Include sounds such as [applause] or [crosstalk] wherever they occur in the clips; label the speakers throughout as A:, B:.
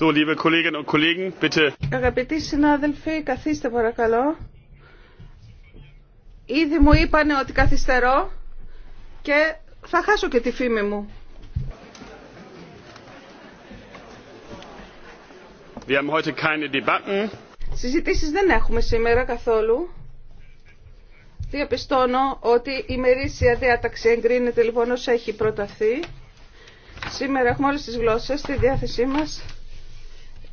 A: So,
B: Αγαπητοί συνάδελφοι, καθίστε παρακαλώ. Ήδη μου είπανε ότι καθυστερώ και θα χάσω και τη φήμη μου.
A: Wir
B: Συζητήσεις δεν έχουμε σήμερα καθόλου. Διαπιστώνω ότι η μερίσια διάταξη εγκρίνεται λοιπόν όσο έχει προταθεί. Σήμερα έχουμε όλες τις γλώσσες στη διάθεσή μας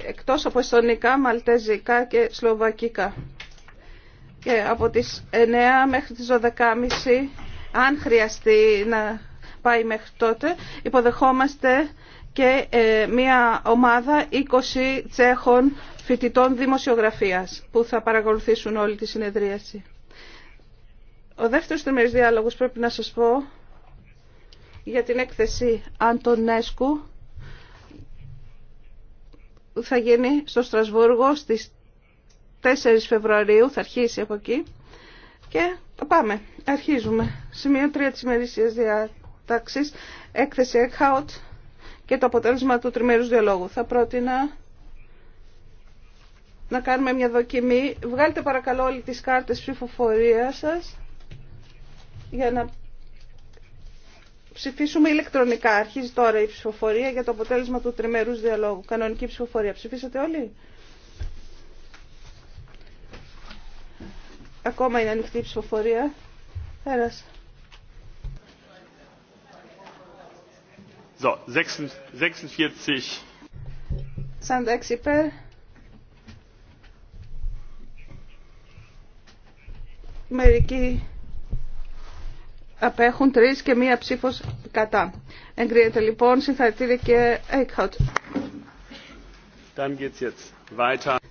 B: εκτός από εστονικά, μαλτεζικά και σλοβακικά. Και από τις 9 μέχρι τις 12.30, αν χρειαστεί να πάει μέχρι τότε, υποδεχόμαστε και ε, μια ομάδα 20 τσέχων φοιτητών δημοσιογραφίας που θα παρακολουθήσουν όλη τη συνεδρίαση. Ο δεύτερος τριμερής διάλογος πρέπει να σας πω για την έκθεση Αντωνέσκου θα γίνει στο Στρασβούργο στις 4 Φεβρουαρίου, θα αρχίσει από εκεί. Και θα πάμε, αρχίζουμε. Σημείο 3 της ημερήσιας διάταξης, έκθεση Eckhout και το αποτέλεσμα του τριμέρους διαλόγου. Θα πρότεινα να κάνουμε μια δοκιμή. Βγάλτε παρακαλώ όλοι τις κάρτες ψηφοφορία σας για να ψηφίσουμε ηλεκτρονικά. Αρχίζει τώρα η ψηφοφορία για το αποτέλεσμα του τριμερούς διαλόγου. Κανονική ψηφοφορία. Ψηφίσατε όλοι. Ακόμα είναι ανοιχτή η ψηφοφορία. Πέρασε.
A: So, 46.
B: 46 υπέρ. Μερικοί απέχουν τρει και μία ψήφο κατά. Εγκρίνεται λοιπόν συγχαρητήρια και Eichhout.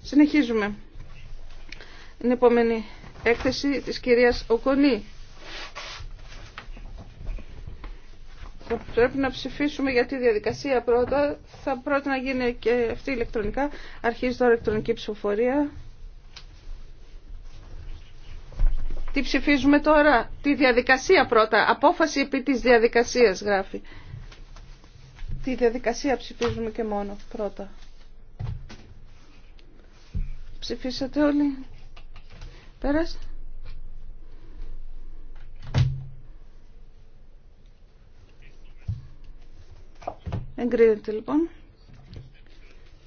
B: Συνεχίζουμε. Η επόμενη έκθεση τη κυρία Οκονή. Θα πρέπει να ψηφίσουμε για τη διαδικασία πρώτα. Θα πρότεινα να γίνει και αυτή ηλεκτρονικά. Αρχίζει τώρα η ηλεκτρονική ψηφοφορία. Τι ψηφίζουμε τώρα, τη διαδικασία πρώτα. Απόφαση επί της διαδικασίας γράφει. Τη διαδικασία ψηφίζουμε και μόνο πρώτα. Ψηφίσατε όλοι. Πέρασε. Εγκρίνεται λοιπόν.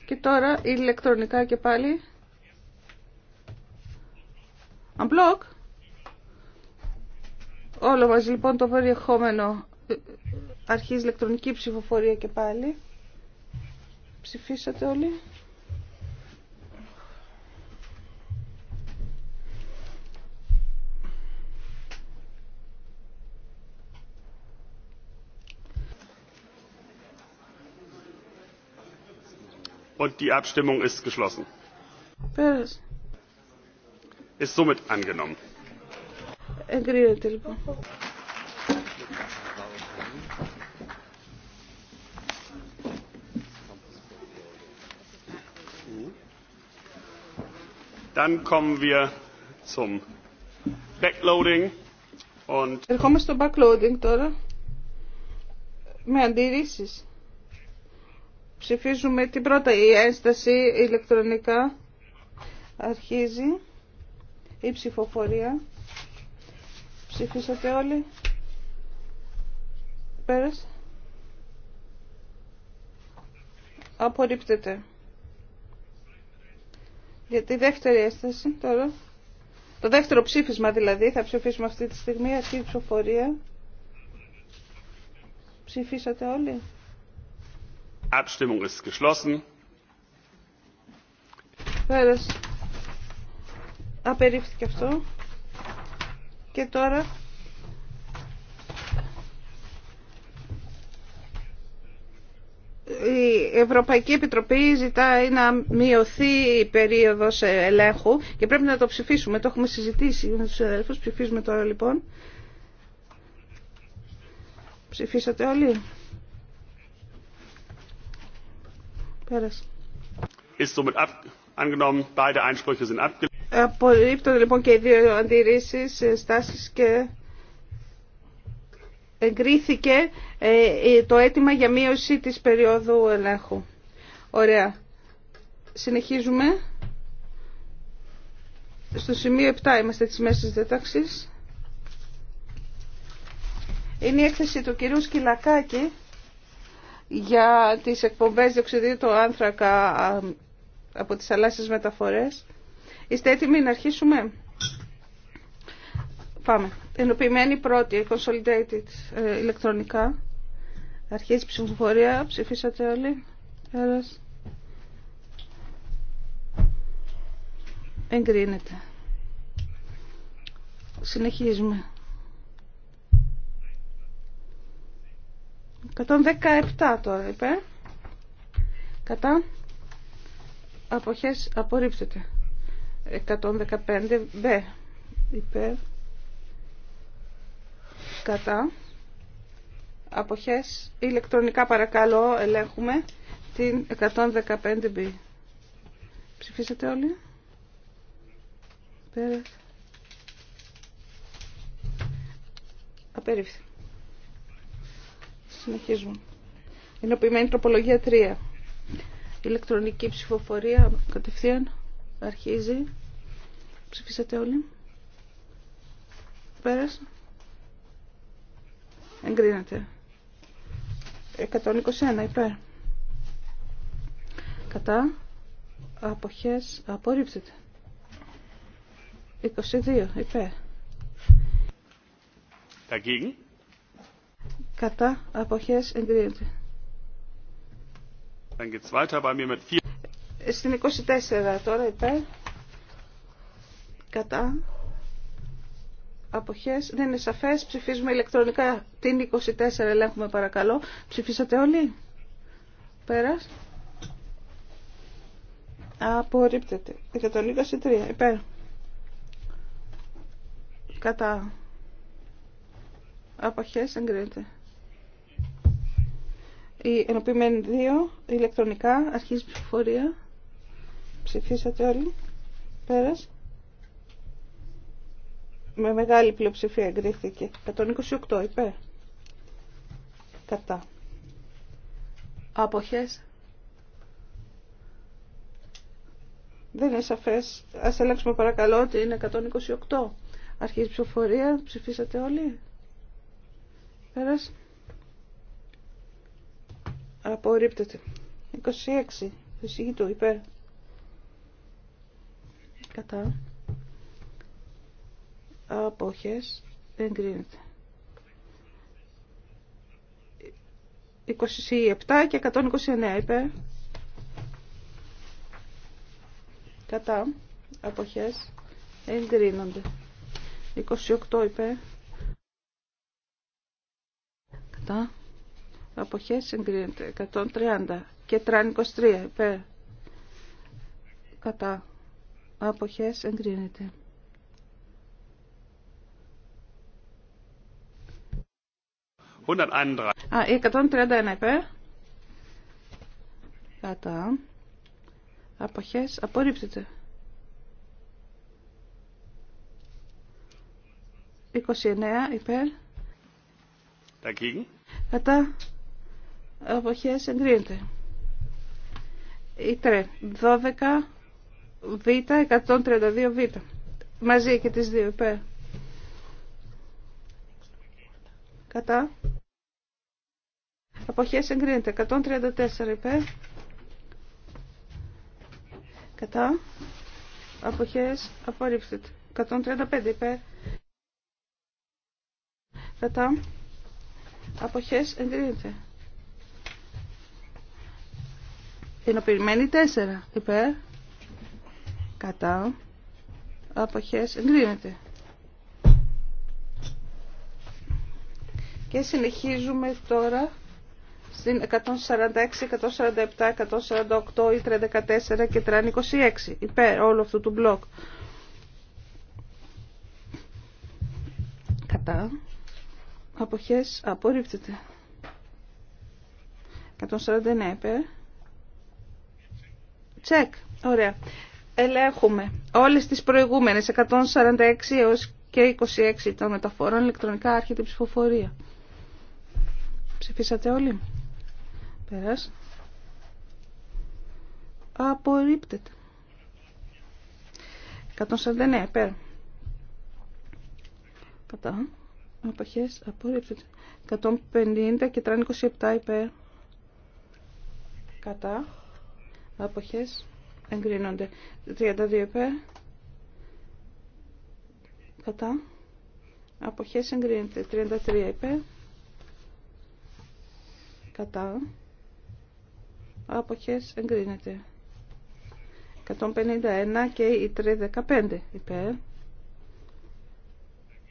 B: Και τώρα ηλεκτρονικά και πάλι. Unblock. Όλο μας λοιπόν το περιεχόμενο αρχίζει ηλεκτρονική ψηφοφορία και πάλι. Ψηφίσατε όλοι.
A: und die abstimmung ist geschlossen. ist somit angenommen.
B: Εγκρίνεται λοιπόν.
A: Dann kommen Backloading und
B: Ερχόμαστε στο backloading τώρα με αντιρρήσεις. Ψηφίζουμε την πρώτα η ένσταση ηλεκτρονικά. Αρχίζει η ψηφοφορία. Ψηφίσατε όλοι. Πέρασε. Απορρίπτεται. Για τη δεύτερη έσταση τώρα. Το δεύτερο ψήφισμα δηλαδή, θα ψηφίσουμε αυτή τη στιγμή, αυτή η ψηφοφορία. Ψηφίσατε όλοι.
A: Abstimmung ist geschlossen.
B: Πέρασε. Απερίφθηκε αυτό. Και τώρα η Ευρωπαϊκή Επιτροπή ζητάει να μειωθεί η περίοδος ελέγχου και πρέπει να το ψηφίσουμε. Το έχουμε συζητήσει με τους αδελφούς, Ψηφίζουμε τώρα λοιπόν. Ψηφίσατε όλοι. Πέρασε.
A: Ist somit angenommen, beide Einsprüche sind abgelehnt.
B: Απορρίπτονται λοιπόν και οι δύο αντιρρήσει ε, στάσεις και εγκρίθηκε ε, ε, το αίτημα για μείωση της περίοδου ελέγχου. Ωραία. Συνεχίζουμε. Στο σημείο 7 είμαστε της μέσης Δέταξης. Είναι η έκθεση του κυρίου Σκυλακάκη για τις εκπομπές διοξιδίου του άνθρακα από τις θαλάσσιες μεταφορές. Είστε έτοιμοι να αρχίσουμε. Πάμε. Ενοποιημένη πρώτη, consolidated ε, ηλεκτρονικά. Αρχίζει ψηφοφορία. Ψηφίσατε όλοι. Εγκρίνεται. Συνεχίζουμε. 117 τώρα είπε. Κατά. Αποχές απορρίπτεται. 115 B υπέρ κατά αποχές ηλεκτρονικά παρακαλώ ελέγχουμε την 115 B ψηφίσατε όλοι πέρα απερίφθη συνεχίζουμε ενοποιημένη τροπολογία 3 ηλεκτρονική ψηφοφορία κατευθείαν Αρχίζει. Ψηφίσατε όλοι. Πέρασε. Εγκρίνεται. 121 υπέρ. Κατά. Αποχές. απορρίψετε. 22 υπέρ. Dagegen. Κατά. Αποχές. Εγκρίνεται.
A: Dann weiter bei mir mit vier. Στην
B: 24 τώρα υπέρ. Κατά. Αποχές. Δεν είναι σαφές. Ψηφίζουμε ηλεκτρονικά. Την 24 ελέγχουμε παρακαλώ. Ψηφίσατε όλοι. Πέρας. Απορρίπτεται. 123 υπέρ. Κατά. Αποχές εγκρίνεται. Η ενωπημένη 2 ηλεκτρονικά αρχίζει ψηφοφορία. Ψηφίσατε όλοι. Πέρας. Με μεγάλη πλειοψηφία εγκρίθηκε. 128 υπέρ. Κατά. Αποχές. Δεν είναι σαφές. Ας ελέγξουμε παρακαλώ ότι είναι 128. Αρχίζει η ψηφοφορία. Ψηφίσατε όλοι. Πέρας. Απορρίπτεται. 26. Φυσική του υπέρ κατά αποχές εγκρίνεται 27 και 129 είπε. κατά αποχές εγκρίνονται 28 είπε. κατά αποχές εγκρίνεται 130 και 323 είπε. κατά αποχές εγκρίνεται. Α, 131 υπέρ. Κατά. Αποχές απορρίπτεται. 29 υπέρ. Dagegen. Κατά. Αποχές εγκρίνεται. Ήτρε 12 Β, 132 Β. Μαζί και τις δύο υπέρ. Κατά. Αποχές εγκρίνεται. 134 υπέρ. Κατά. Αποχές απορρίψεται. 135 υπέρ. Κατά. Αποχές εγκρίνεται. Ενωπημένη 4 υπέρ κατά αποχές εγκρίνεται. Και συνεχίζουμε τώρα στην 146, 147, 148, ή 14 και τραν 26, υπέρ όλου αυτού του μπλοκ. Κατά. Αποχές απορρίπτεται. 149 υπέρ. Τσεκ. Ωραία ελέγχουμε όλες τις προηγούμενες 146 έως και 26 των μεταφορών ηλεκτρονικά άρχεται η ψηφοφορία. Ψηφίσατε όλοι. Πέρας. Απορρίπτεται. 149 πέρα. Κατά. Απαχές. Απορρίπτεται. 150 και 327 υπέρ. Κατά. Αποχές εγκρίνονται. 32 υπέρ. Κατά. Αποχές εγκρίνεται. 33 υπέρ. Κατά. Αποχές εγκρίνεται. 151 και η 315 υπέρ.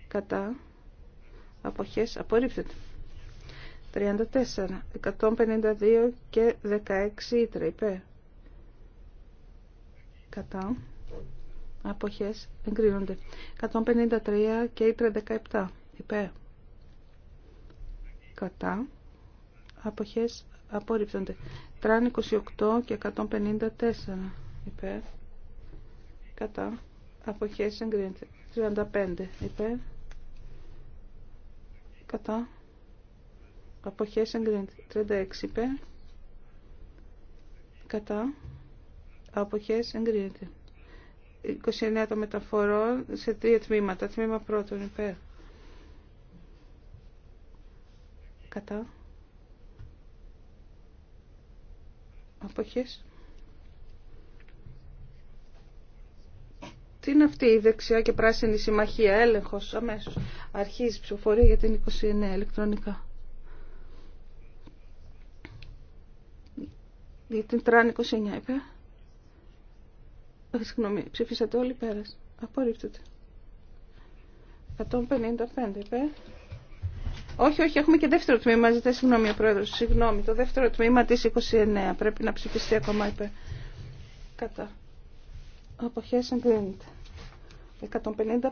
B: Κατά. Αποχές απορρίπτεται. 34, 152 και 16 ήτρα υπέρ κατά αποχές εγκρίνονται 153 και 37 17 κατά αποχές απορρίπτονται τραν 28 και 154 υπέρ κατά αποχές εγκρίνονται 35 υπέρ κατά αποχές εγκρίνονται 36 υπέρ κατά αποχές εγκρίνεται. 29 το μεταφορών σε τρία τμήματα. Τμήμα πρώτον υπέρ. Κατά. Αποχές. Τι είναι αυτή η δεξιά και πράσινη συμμαχία, έλεγχος αμέσως. Αρχίζει η ψηφοφορία για την 29 ηλεκτρονικά. Για την τραν 29 είπε. Ε, συγγνώμη, ψηφίσατε όλοι πέρας. Απορρίπτεται. 155 είπε. Όχι, όχι, έχουμε και δεύτερο τμήμα. Ζητάει συγγνώμη ο πρόεδρο. Συγγνώμη, το δεύτερο τμήμα τη 29 πρέπει να ψηφιστεί ακόμα είπε. Κατά. Αποχέ εγκρίνεται.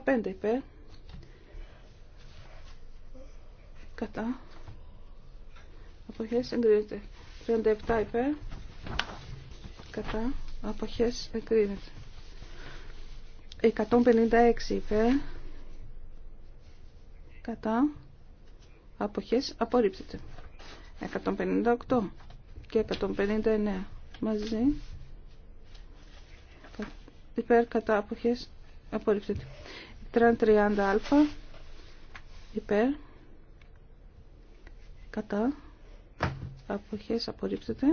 B: 155 είπε. Κατά. Αποχέ εγκρίνεται. 37 είπε. Κατά αποχές εκρίνεται. 156 υπέρ κατά αποχές απορρίπτεται 158 και 159 μαζί υπέρ κατά αποχές απορρίπτεται 30α υπέρ κατά αποχές απορρίπτεται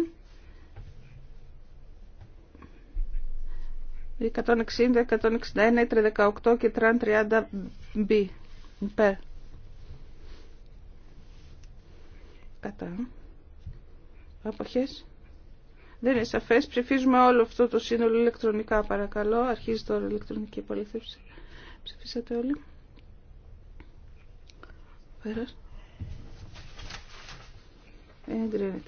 B: 160, 161, 318 και 330 B. Κατά. Αποχές. Δεν είναι σαφές. Ψηφίζουμε όλο αυτό το σύνολο ηλεκτρονικά παρακαλώ. Αρχίζει τώρα η ηλεκτρονική υπολήθευση. Ψηφίσατε όλοι. Πέρας. Εγκρίνεται.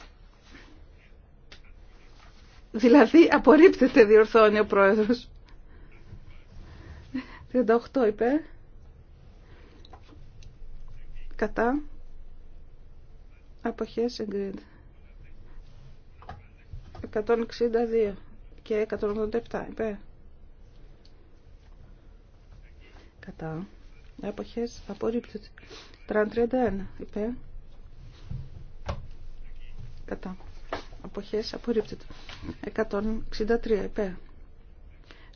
B: Δηλαδή απορρίπτεται διορθώνει ο πρόεδρος. 38 είπε. Κατά. Αποχές εγκρίνεται. 162 και 187 είπε. Κατά. Αποχές απορρίπτεται. 31 είπε. Κατά αποχές απορρίπτεται. 163 υπέρ.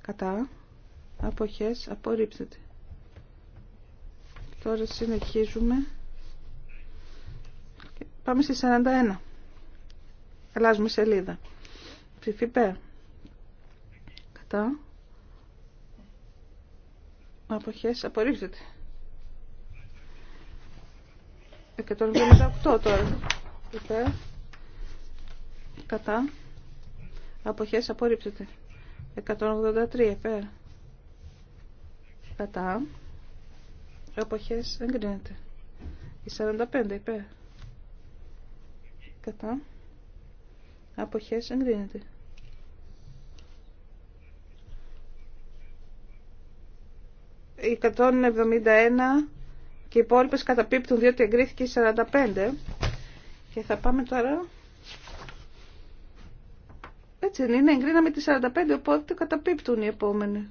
B: Κατά αποχές απορρίπτεται. Τώρα συνεχίζουμε. Πάμε στη 41. Αλλάζουμε σελίδα. ψηφίπε. υπέρ. Κατά αποχές απορρίπτεται. 158 τώρα. Υπέρ κατά αποχές απορρίπτεται 183 υπέρ κατά αποχές εγκρίνεται η 45 υπέρ κατά αποχές εγκρίνεται η 171 και οι υπόλοιπες καταπίπτουν διότι εγκρίθηκε η 45 και θα πάμε τώρα έτσι δεν είναι, ναι, εγκρίναμε τη 45, οπότε καταπίπτουν οι επόμενοι.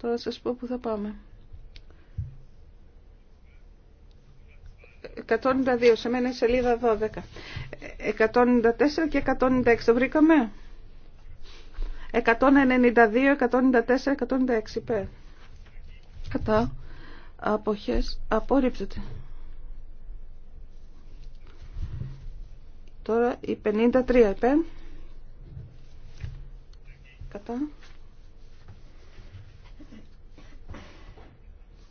B: Τώρα σας πω που θα πάμε. 192, σε μένα η σελίδα 12. 194 και 196, το βρήκαμε. 192, 194, 196, Κατά αποχές απορρίπτεται. Τώρα η 53 υπέρ κατά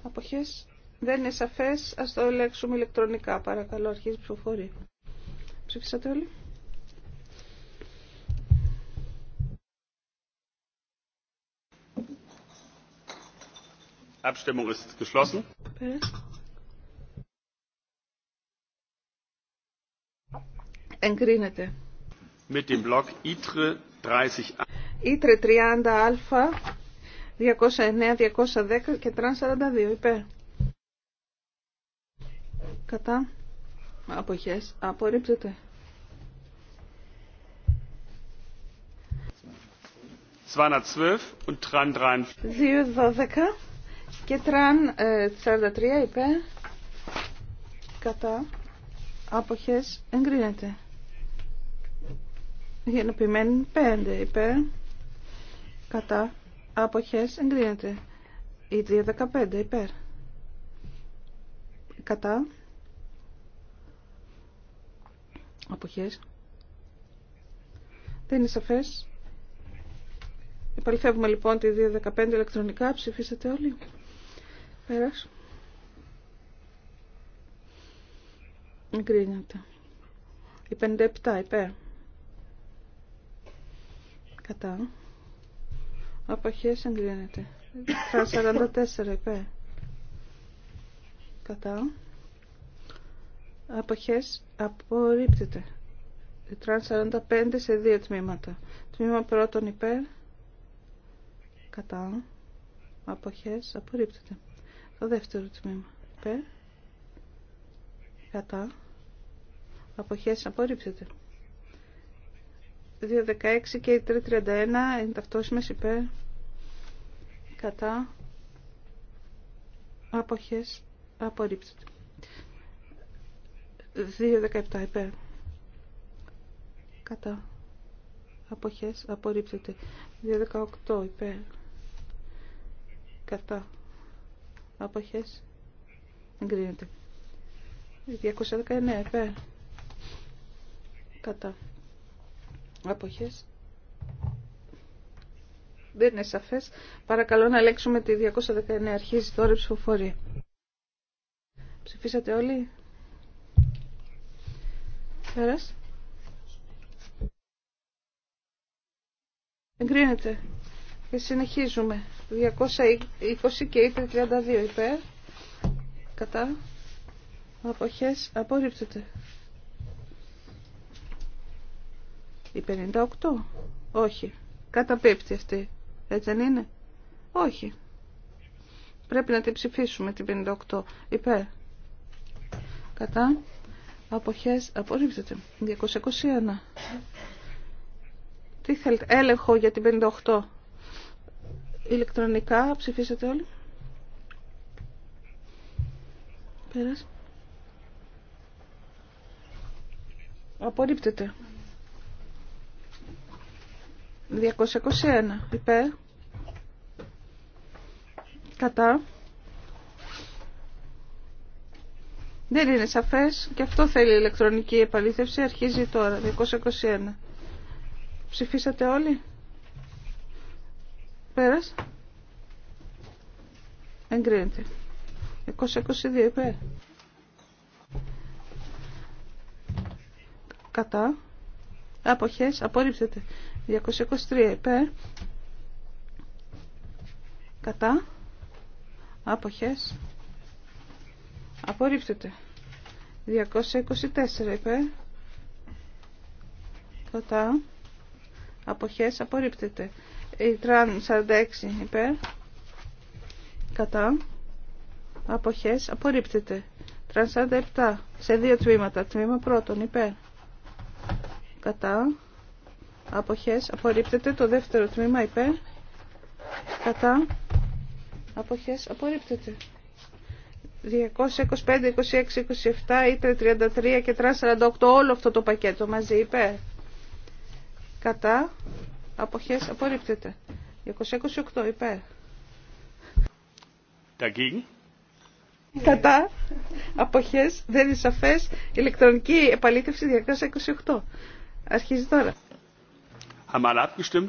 B: αποχές δεν είναι σαφές ας το ελέγξουμε ηλεκτρονικά παρακαλώ αρχίζει ψηφοφορή. ψήφισατε όλοι
A: Abstimmung ist geschlossen. Okay. Mit dem Block ITRE e 30.
B: Ήτρε 30α, 209, 210 και τραν 42 υπέρ. Κατά. Αποχές. Απορρίπτεται.
A: 212 und Tran
B: 212 και τραν 43 ε, υπέρ. Κατά. Αποχές. Εγκρίνεται. Γενοποιημένοι 5 υπέρ κατά αποχές εγκρίνεται η 215, υπέρ κατά αποχές δεν είναι σαφές επαληθεύουμε λοιπόν τη 215 ηλεκτρονικά ψηφίσατε όλοι πέρας εγκρίνεται η 57 υπέρ κατά Αποχές εγκρίνεται. 44 υπέρ. Κατά. Αποχές απορρίπτεται. 45 σε δύο τμήματα. Τμήμα πρώτον υπέρ. Κατά. Αποχές απορρίπτεται. Το δεύτερο τμήμα υπέρ. Κατά. Αποχές απορρίπτεται. 2.16 και 3.31 είναι ταυτόσιμες υπέρ κατά αποχές απορρίπτεται. 2.17 υπέρ κατά αποχές απορρίπτεται. 2.18 υπέρ κατά αποχές εγκρίνεται. 219 υπέρ κατά αποχές δεν είναι σαφές. Παρακαλώ να ελέγξουμε τη 219. Αρχίζει τώρα η ψηφοφορία. Ψηφίσατε όλοι. Πέρας. Εγκρίνεται. Και συνεχίζουμε. 220 και 32 υπέρ. Κατά. Αποχές. Απορρίπτεται. Η 58. Όχι. Καταπέπτει αυτή. Έτσι δεν είναι. Όχι. Πρέπει να την ψηφίσουμε την 58. Υπέρ. Κατά. Αποχές. Απορρίπτεται. 221. Τι θέλετε. Έλεγχο για την 58. Ηλεκτρονικά ψηφίσατε όλοι. Πέρας. Απορρίπτεται. 221 Υπέ κατά δεν είναι σαφές και αυτό θέλει η ηλεκτρονική επαλήθευση αρχίζει τώρα 221 ψηφίσατε όλοι πέρας εγκρίνεται 222 υπέ κατά αποχές απορρίπτεται 223 υπέρ. Κατά. Άποχες. Απορρίπτεται. 224 υπέρ. Κατά. Αποχές απορρίπτεται. Η τραν 46 υπέρ. Κατά. Αποχές απορρίπτεται. Τραν 47 σε δύο τμήματα. Τμήμα πρώτον υπέρ. Κατά αποχές απορρίπτεται το δεύτερο τμήμα υπέρ κατά αποχές απορρίπτεται 225, 26, 27, ήτρε 33 και 348 όλο αυτό το πακέτο μαζί υπέρ κατά αποχές απορρίπτεται 228 υπέρ
A: Dagegen. Κατά
B: αποχές δεν είναι σαφές ηλεκτρονική επαλήθευση 228 αρχίζει τώρα
A: Haben alle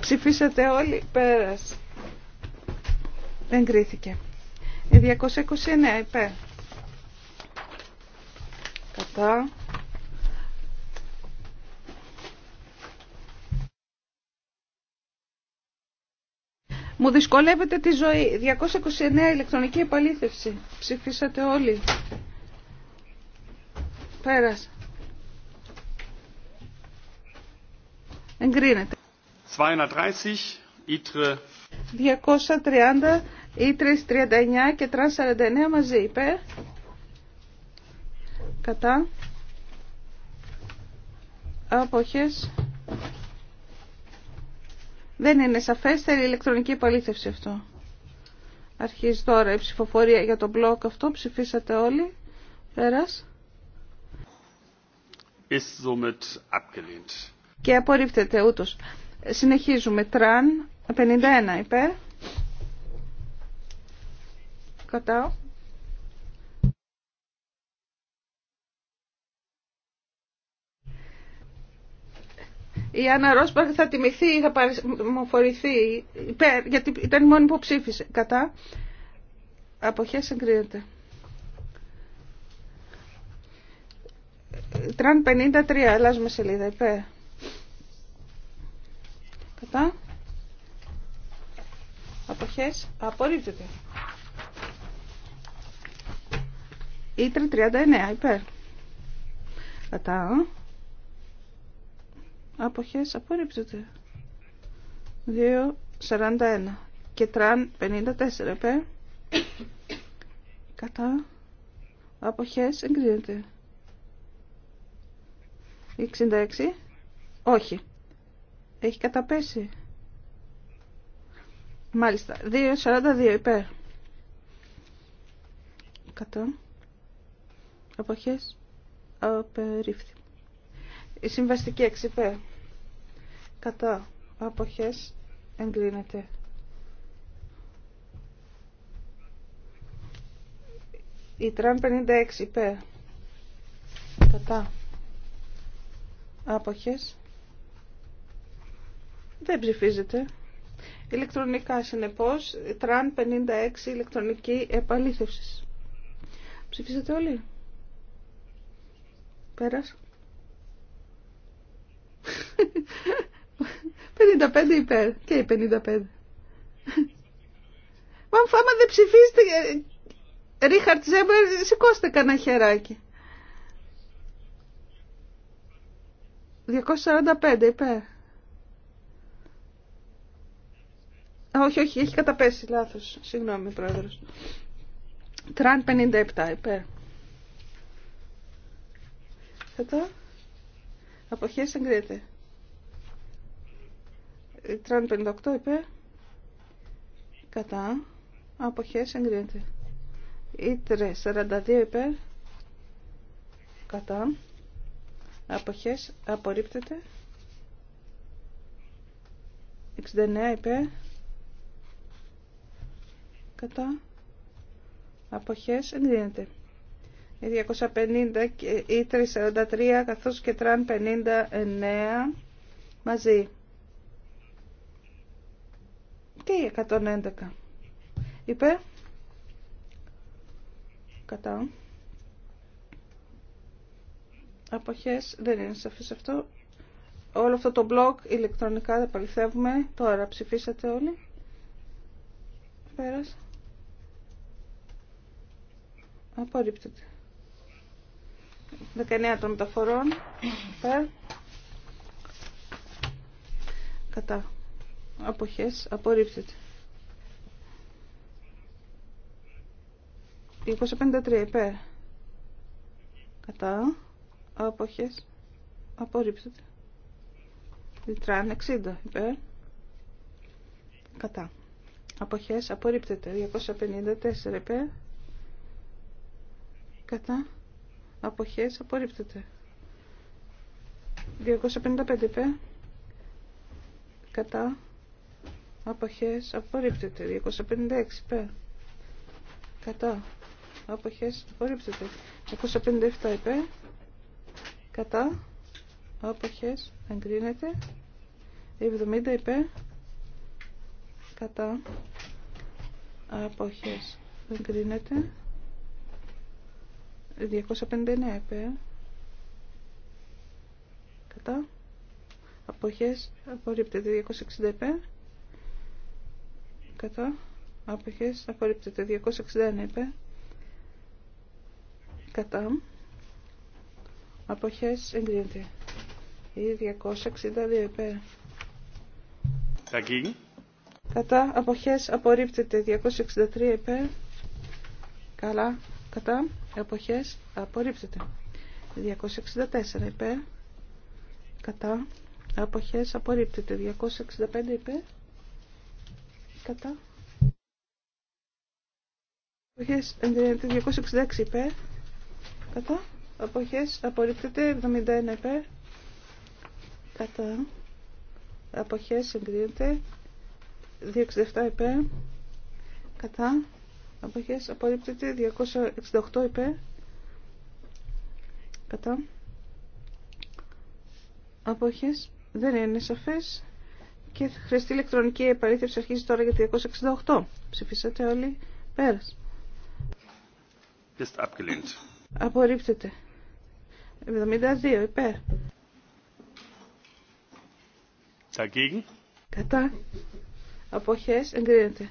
A: Ψηφίσατε
B: όλοι πέρας. Δεν κρίθηκε. 229 υπέρ. Κατά. Μου δυσκολεύεται τη ζωή. 229 ηλεκτρονική επαλήθευση. Ψηφίσατε όλοι. Πέρασε. Εγκρίνεται.
A: 230, Ήτρε.
B: 230, Ήτρε 39 και 349 μαζί, είπε. Κατά. Αποχε. Δεν είναι σαφέστερη η ηλεκτρονική επαλήθευση αυτό. Αρχίζει τώρα η ψηφοφορία για τον μπλοκ αυτό. Ψηφίσατε όλοι. Πέρας και απορρίπτεται ούτω. Συνεχίζουμε. Τραν 51 υπέρ. Κατά. Η Άννα Ρόσπαρ θα τιμηθεί, θα παρισμοφορηθει υπέρ, γιατί ήταν η μόνη που ψήφισε. Κατά. Αποχές εγκρίνεται. Τραν 53, αλλάζουμε σελίδα, υπέρ. Κατά. Αποχές. Απορρίπτεται. Ήτρε 39. Υπέρ. Κατά. Αποχές. Απορρίπτεται. 2.41. Και τραν 54. Υπέρ. Κατά. Αποχές. Εγκρίνεται. 66. Όχι. Έχει καταπέσει. Μάλιστα. 2.42 υπέρ. Κατά. Αποχές. Απερίφθη. Η συμβαστική 6 υπέρ. Κατά. Αποχές. Εγκρίνεται. Η τραν 56 υπέρ. Κατά. Άποχες δεν ψηφίζεται. Ηλεκτρονικά, συνεπώς, τραν 56 ηλεκτρονική επαλήθευση. Ψηφίζεται όλοι. Πέρασε. 55 [laughs] υπέρ και οι 55. Μα άμα δεν ψηφίζετε, ε, Ρίχαρτ Ζέμπερ, σηκώστε κανένα χεράκι. 245 υπέρ. Όχι, όχι, έχει καταπέσει, λάθος. Συγγνώμη, πρόεδρος. Τραν 57, υπέρ. Κατά. Αποχές εγκρίνεται. Τραν 58, υπέρ. Κατά. Αποχές εγκρίνεται. Ήτρε 42 υπέρ. Κατά. Αποχές απορρίπτεται. 69 υπέρ κατά αποχές εγκρίνεται. Οι 250 ή 343 καθώς και τραν 59 μαζί. Και οι 111. Υπέρ. Κατά. Αποχές δεν είναι σαφής αυτό. Όλο αυτό το μπλοκ ηλεκτρονικά θα παληθεύουμε. Τώρα ψηφίσατε όλοι. Πέρασε. Απορρίπτεται. 19 των μεταφορών. Υπέρ. Κατά. Αποχές. Απορρίπτεται. 253 υπέρ. Κατά. Αποχές. Απορρίπτεται. Λιτράν 60 υπέρ. Κατά. Αποχές. Απορρίπτεται. 254 υπέρ κατά αποχές απορρίπτεται 255 πε κατά αποχές απορρίπτεται 256 πέ. κατά αποχές απορρίπτεται 257 είπε, κατά αποχές εγκρίνεται 70 είπε, κατά αποχές εγκρίνεται 259 επέ. Κατά. Αποχές απορρίπτεται 260 επέ. Κατά. Αποχές απορρίπτεται 261 επέ. Κατά. Αποχές εγκρίνεται. Ή 262 επέ. Κατά. Αποχές απορρίπτεται 263 επέ. Καλά. Κατά εποχές απορρίπτεται 264 υπέρ κατά εποχές απορρίπτεται 265 υπέρ κατά εποχές 266 υπέρ κατά εποχές απορρίπτεται 71 υπέρ κατά εποχές εγκρίνεται 267 υπέρ κατά αποχές απορρίπτεται 268 υπέρ κατά αποχές δεν είναι σαφές και χρειαστεί ηλεκτρονική επαλήθευση αρχίζει τώρα για 268 ψηφίσατε όλοι πέρας
A: Ist abgelehnt.
B: Απορρίπτεται. 72 υπέρ. Κατά. Αποχές εγκρίνεται.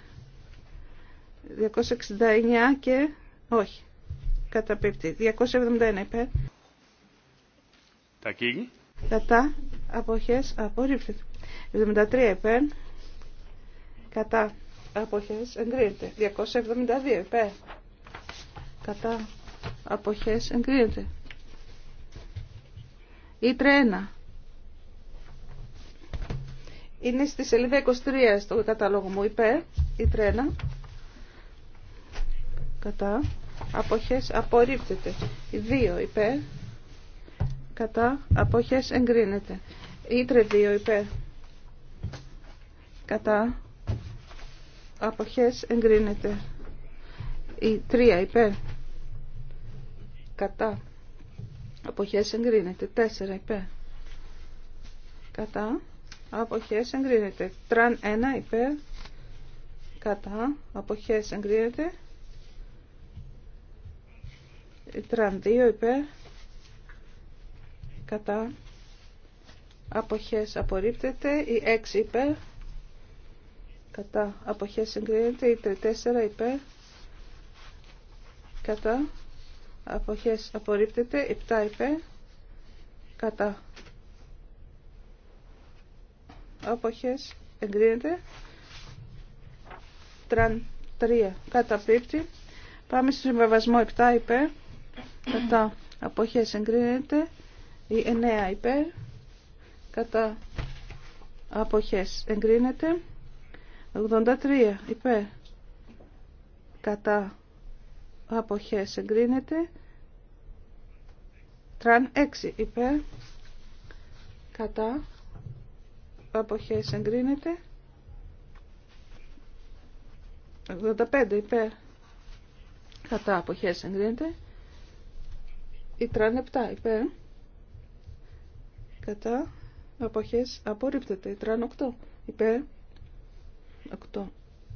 B: 269 και όχι. Καταπίπτει. 271 υπέρ. Dagegen. Κατά. Αποχές. Απορρίφθηκε. 73 υπέρ. Κατά. Αποχές. Εγκρίνεται. 272 υπέρ. Κατά. Αποχές. Εγκρίνεται. Ήτρε 1. Είναι στη σελίδα 23 στο κατάλογο μου υπέρ. Ήτρε κατά αποχές απορρίπτεται 2 υπέρ κατά αποχές εγκρίνεται ήτρε 2 υπέρ κατά αποχές εγκρίνεται η 3 υπέρ κατά αποχές εγκρίνεται 4 υπέρ κατά αποχές εγκρίνεται τραν 1 υπέρ κατά αποχές εγκρίνεται Τραν 2 υπέρ κατά αποχές απορρίπτεται. Η 6 υπέρ κατά αποχές εγκρίνεται. Η 4 υπέρ κατά αποχές απορρίπτεται. Η 7 υπέρ κατά αποχές εγκρίνεται. Τραν 3 πίπτη Πάμε στο συμβεβασμό 7 υπέρ κατά αποχές εγκρίνεται η 9 υπέρ κατά αποχές εγκρίνεται 83 υπέρ κατά αποχές εγκρίνεται τραν 6 υπέρ κατά αποχές εγκρίνεται 85 υπέρ κατά αποχές εγκρίνεται η 7 υπέρ. Κατά. Αποχές απορρίπτεται. Η 8 υπέρ. 8.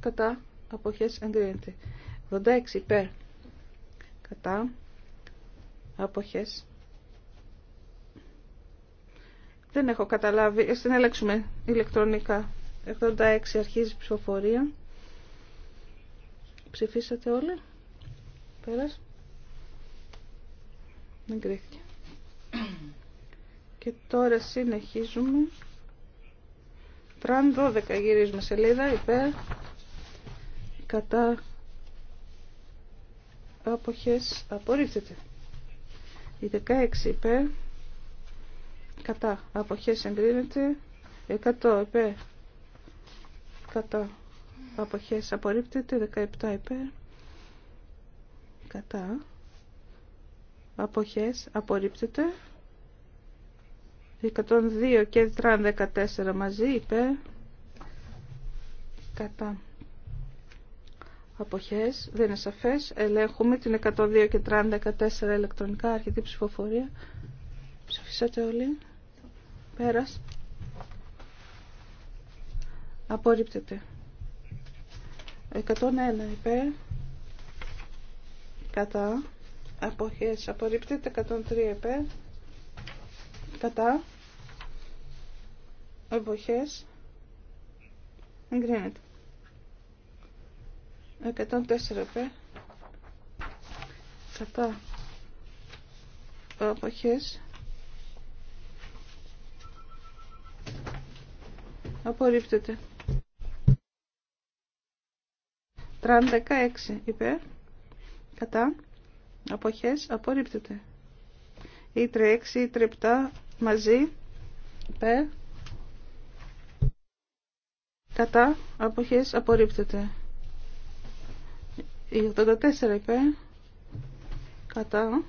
B: Κατά. Αποχές εγκρίνεται. 86 υπέρ. Κατά. Αποχές. Δεν έχω καταλάβει. Ας την έλεξουμε ηλεκτρονικά. 86 αρχίζει ψηφοφορία. Ψηφίσατε όλοι. Πέρας. Εγκρίθηκε. Και τώρα συνεχίζουμε. Τραν 12 γυρίζουμε σελίδα υπέρ κατά αποχές απορρίπτεται. Η 16 υπέρ κατά αποχές εγκρίνεται. 100 υπέρ κατά αποχές απορρίπτεται. 17 υπέρ κατά αποχές απορρίπτεται 102 και 314 μαζί Είπε. κατά αποχές δεν είναι σαφές ελέγχουμε την 102 και 314 ηλεκτρονικά αρχική ψηφοφορία ψηφίσατε όλοι πέρας απορρίπτεται 101 είπε. κατά αποχές απορρίπτεται 103 επέ κατά εποχές εγκρίνεται 104 επέ κατά αποχές απορρίπτεται 36 υπέρ κατά Αποχές απορρίπτεται. Ήτρε 6, ήτρε 7 μαζί. Υπέρ. Κατά. Αποχές απορρίπτεται. Η 84 υπέρ. Κατά.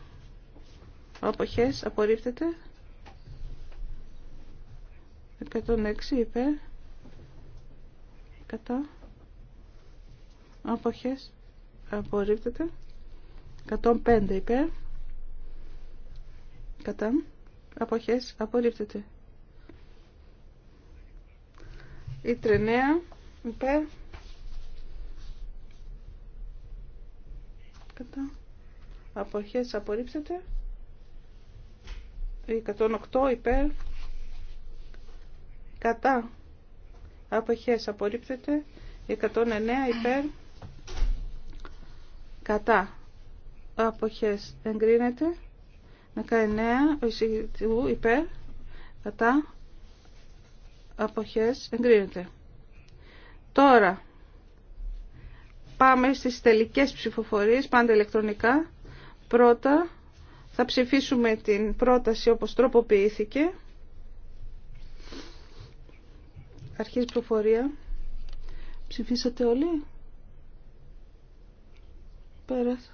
B: Αποχές απορρίπτεται. 106 υπέρ. Κατά. Αποχές απορρίπτεται. 105 υπέρ. Κατά. Αποχές. Απορρίπτεται. Η τρενέα υπέρ. Κατά. Αποχές. Απορρίπτεται. Η 108 υπέρ. Κατά. Αποχές. Απορρίπτεται. Η 109 υπέρ. Κατά αποχές εγκρίνεται 19 ο υπέρ κατά αποχές εγκρίνεται τώρα πάμε στις τελικές ψηφοφορίες πάντα ηλεκτρονικά πρώτα θα ψηφίσουμε την πρόταση όπως τροποποιήθηκε αρχής ψηφοφορία. ψηφίσατε όλοι Πέρασα.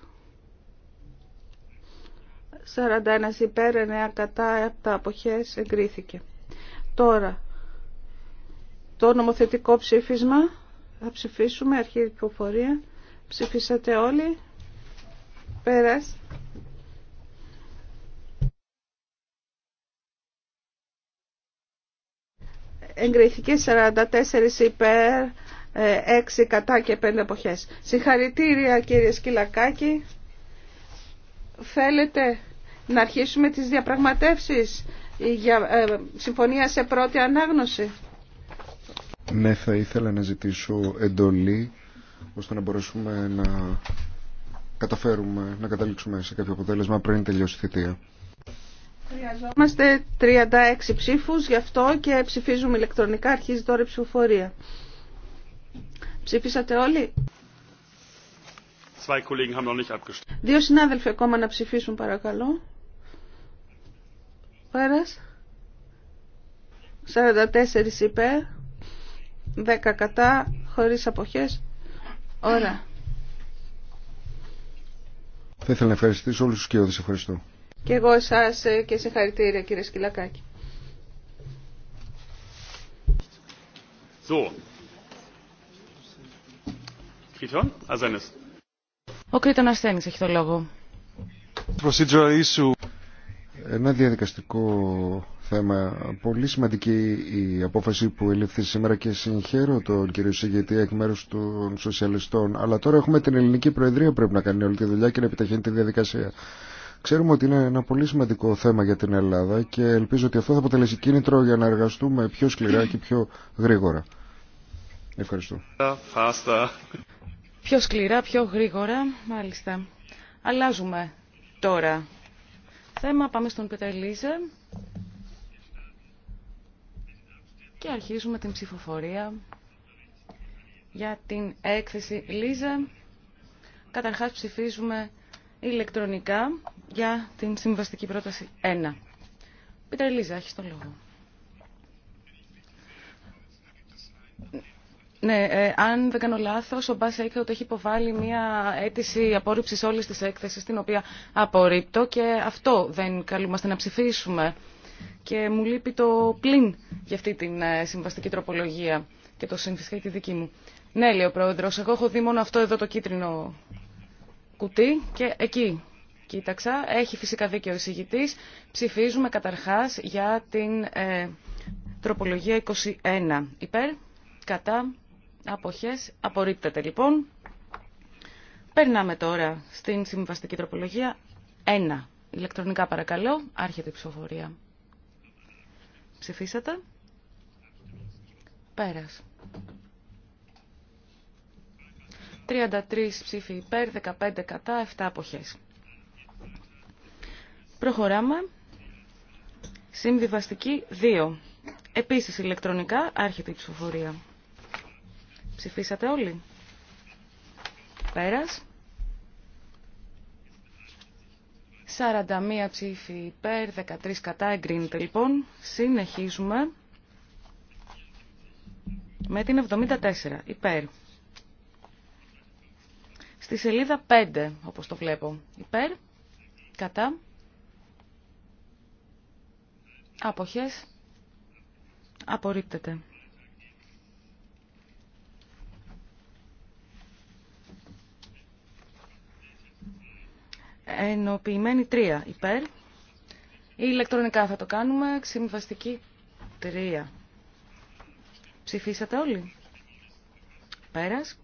B: 41 υπέρ, 9 κατά, 7 αποχές εγκρίθηκε. Τώρα, το νομοθετικό ψήφισμα θα ψηφίσουμε, αρχή υποφορία. Ψηφίσατε όλοι. Πέρας. Εγκρίθηκε 44 υπέρ, 6 ε, κατά και 5 εποχές. Συγχαρητήρια κύριε Σκυλακάκη. Θέλετε να αρχίσουμε τις διαπραγματεύσεις για ε, συμφωνία σε πρώτη ανάγνωση.
C: Ναι, θα ήθελα να ζητήσω εντολή ώστε να μπορέσουμε να καταφέρουμε να καταλήξουμε σε κάποιο αποτέλεσμα πριν τελειώσει η θητεία.
B: Χρειαζόμαστε 36 ψήφους, γι' αυτό και ψηφίζουμε ηλεκτρονικά, αρχίζει τώρα η ψηφοφορία. Ψήφισατε όλοι. Δύο συνάδελφοι ακόμα να ψηφίσουν παρακαλώ. Πέρας. 44 είπε 10 κατά. Χωρίς αποχές. Ωραία.
C: Θα ήθελα να ευχαριστήσω όλους τους όλους Ευχαριστώ.
B: Και εγώ εσάς ε, και συγχαρητήρια κύριε Σκυλακάκη.
A: So.
D: Ο Κρήτον Ασθένης έχει το λόγο.
C: Procedural issue. Ένα διαδικαστικό θέμα. Πολύ σημαντική η απόφαση που ελήφθη σήμερα και συγχαίρω τον κύριο Συγγετή εκ μέρου των σοσιαλιστών. Αλλά τώρα έχουμε την ελληνική προεδρία που πρέπει να κάνει όλη τη δουλειά και να επιταχύνει τη διαδικασία. Ξέρουμε ότι είναι ένα πολύ σημαντικό θέμα για την Ελλάδα και ελπίζω ότι αυτό θα αποτελέσει κίνητρο για να εργαστούμε πιο σκληρά και πιο γρήγορα. Ευχαριστώ.
D: Πιο σκληρά, πιο γρήγορα, μάλιστα. Αλλάζουμε τώρα θέμα. Πάμε στον Πίτερ Λίζε. Και αρχίζουμε την ψηφοφορία για την έκθεση Λίζε. Καταρχάς ψηφίζουμε ηλεκτρονικά για την συμβαστική πρόταση 1. Πίτερ Λίζε, έχεις τον λόγο. Ναι, ε, αν δεν κάνω λάθο, ο Μπά ότι έχει υποβάλει μια αίτηση απόρριψη όλη τη έκθεση, την οποία απορρίπτω και αυτό δεν καλούμαστε να ψηφίσουμε. Και μου λείπει το πλήν για αυτή την ε, συμβαστική τροπολογία και το συμφισικά και τη δική μου. Ναι, λέει ο πρόεδρο, εγώ έχω δει μόνο αυτό εδώ το κίτρινο κουτί και εκεί κοίταξα. Έχει φυσικά δίκαιο ο εισηγητή. Ψηφίζουμε καταρχά για την ε, τροπολογία 21. Υπέρ, κατά αποχές απορρίπτεται λοιπόν. Περνάμε τώρα στην συμβαστική τροπολογία 1. Ηλεκτρονικά παρακαλώ, άρχεται η ψηφοφορία. Ψηφίσατε. Πέρας. 33 ψήφοι υπέρ, 15 κατά, 7 αποχές. Προχωράμε. Συμβιβαστική 2. Επίσης ηλεκτρονικά άρχεται η ψηφοφορία. Ψηφίσατε όλοι. Πέρας. 41 ψήφοι υπέρ, 13 κατά εγκρίνεται λοιπόν. Συνεχίζουμε με την 74 υπέρ. Στη σελίδα 5 όπως το βλέπω. Υπέρ, κατά, αποχές, απορρίπτεται. ενοποιημένη 3 υπέρ. Ή ηλεκτρονικά θα το κάνουμε, συμβαστική 3. Ψηφίσατε όλοι. Πέρας.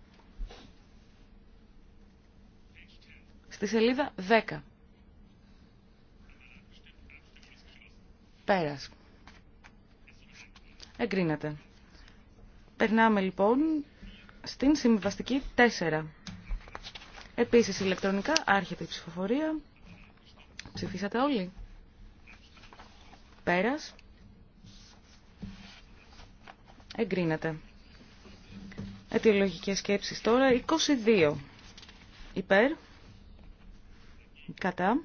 D: Στη σελίδα 10. Πέρας. Εγκρίνατε. Περνάμε λοιπόν στην συμβαστική 4. Επίσης ηλεκτρονικά άρχεται η ψηφοφορία. Ψηφίσατε όλοι. Πέρας. Εγκρίνεται. Αιτιολογικές σκέψεις τώρα. 22. Υπέρ. Κατά.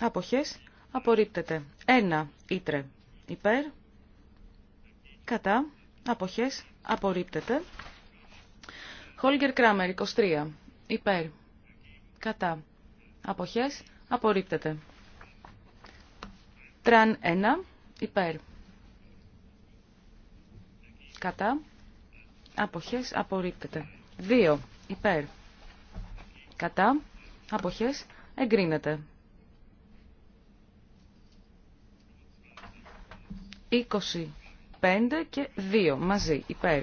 D: Αποχές. Απορρίπτεται. 1. Ήτρε. Υπέρ. Κατά. Αποχές. Απορρίπτεται. Χόλγκερ Κράμερ. 23. Υπέρ κατά, αποχές, απορρίπτεται. Τραν 1, υπέρ, κατά, αποχές, απορρίπτεται. 2, υπέρ, κατά, αποχές, εγκρίνεται. 25 και 2 μαζί, υπέρ.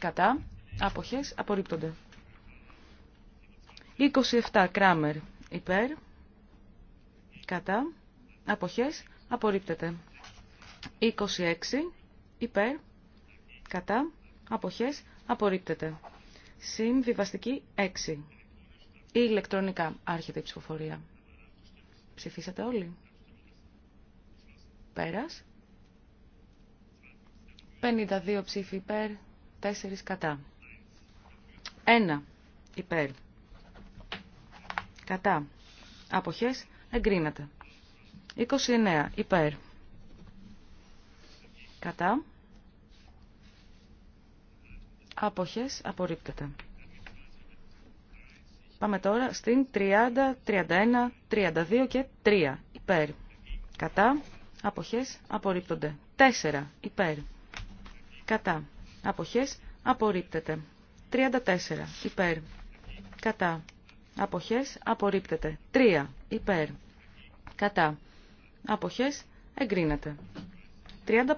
D: Κατά, αποχές, απορρίπτονται. 27. Κράμερ. Υπέρ. Κατά. Αποχές. Απορρίπτεται. 26. Υπέρ. Κατά. Αποχές. Απορρίπτεται. Συμβιβαστική 6. Η ηλεκτρονικά άρχεται η ψηφοφορία. Ψηφίσατε όλοι. Πέρας. 52 ψήφοι υπέρ, 4 κατά. 1 υπέρ. Κατά. Αποχές. Εγκρίνεται. 29. Υπέρ. Κατά. Αποχές. Απορρίπτεται. Πάμε τώρα στην 30, 31, 32 και 3. Υπέρ. Κατά. Αποχές. Απορρίπτονται. 4. Υπέρ. Κατά. Αποχές. Απορρίπτεται. 34. Υπέρ. Κατά. Αποχές απορρίπτεται. 3. Υπέρ. Κατά. Αποχές εγκρίνεται.